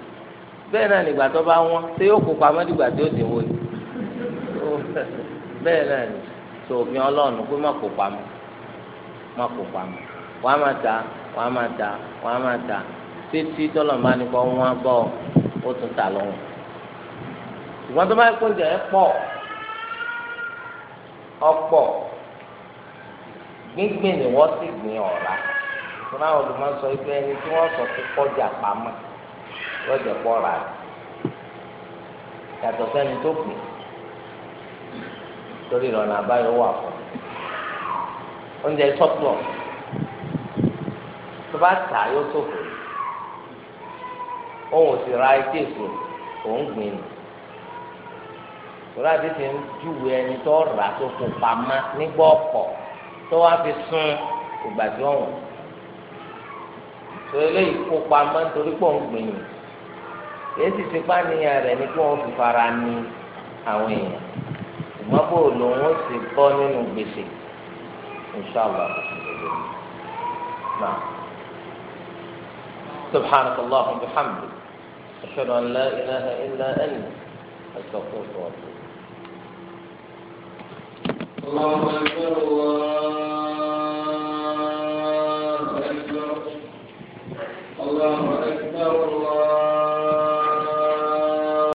bẹ́ẹ̀ náà nígbà tó bá wọ́n tí yóò kópa má dìgbà tí dìwọ́ ni. bẹ́ẹ̀ náà ni tó òfin ọlọ́run pé má kó pamọ́ má kó pamọ́ wọ́n á máa ta wọ́n á máa ta wọ́n á máa ta títí tọ́lọ̀ máa ní kọ́ wọ́n á ó tún tó bá kó jẹ́ pọ̀ ọ̀pọ̀ gbíngbìn ni wọ́n sì gbìn ọ̀la ẹni tí wọ́n sọ kọjá torí ìrọ̀nà àbáyọ wà fún oúnjẹ tọ́pọ̀ tó bá tà yóò ṣòfò òun ò sì ra etí èso òun gbìn ní ìrora ti ti ń júwe ẹni tó rà tó kó pamá nígbà ọ̀pọ̀ tó wá fi sún ìgbà tí ọ̀hún tó eléyìí kó pamá nítorí pọ̀ ń gbìn ní èyí sì ti pa níyà rẹ̀ ní kí fi fara ní àwọn èèyàn. ṣùgbọ́n bò lòun ó sì bọ́ nínú gbèsè inṣàlá ìṣòro náà. سبحانك اللهم وبحمدك أشهد أن لا إله إلا أنت أستغفرك وأتوب اللهم أكبر الله أكبر الله أكبر الله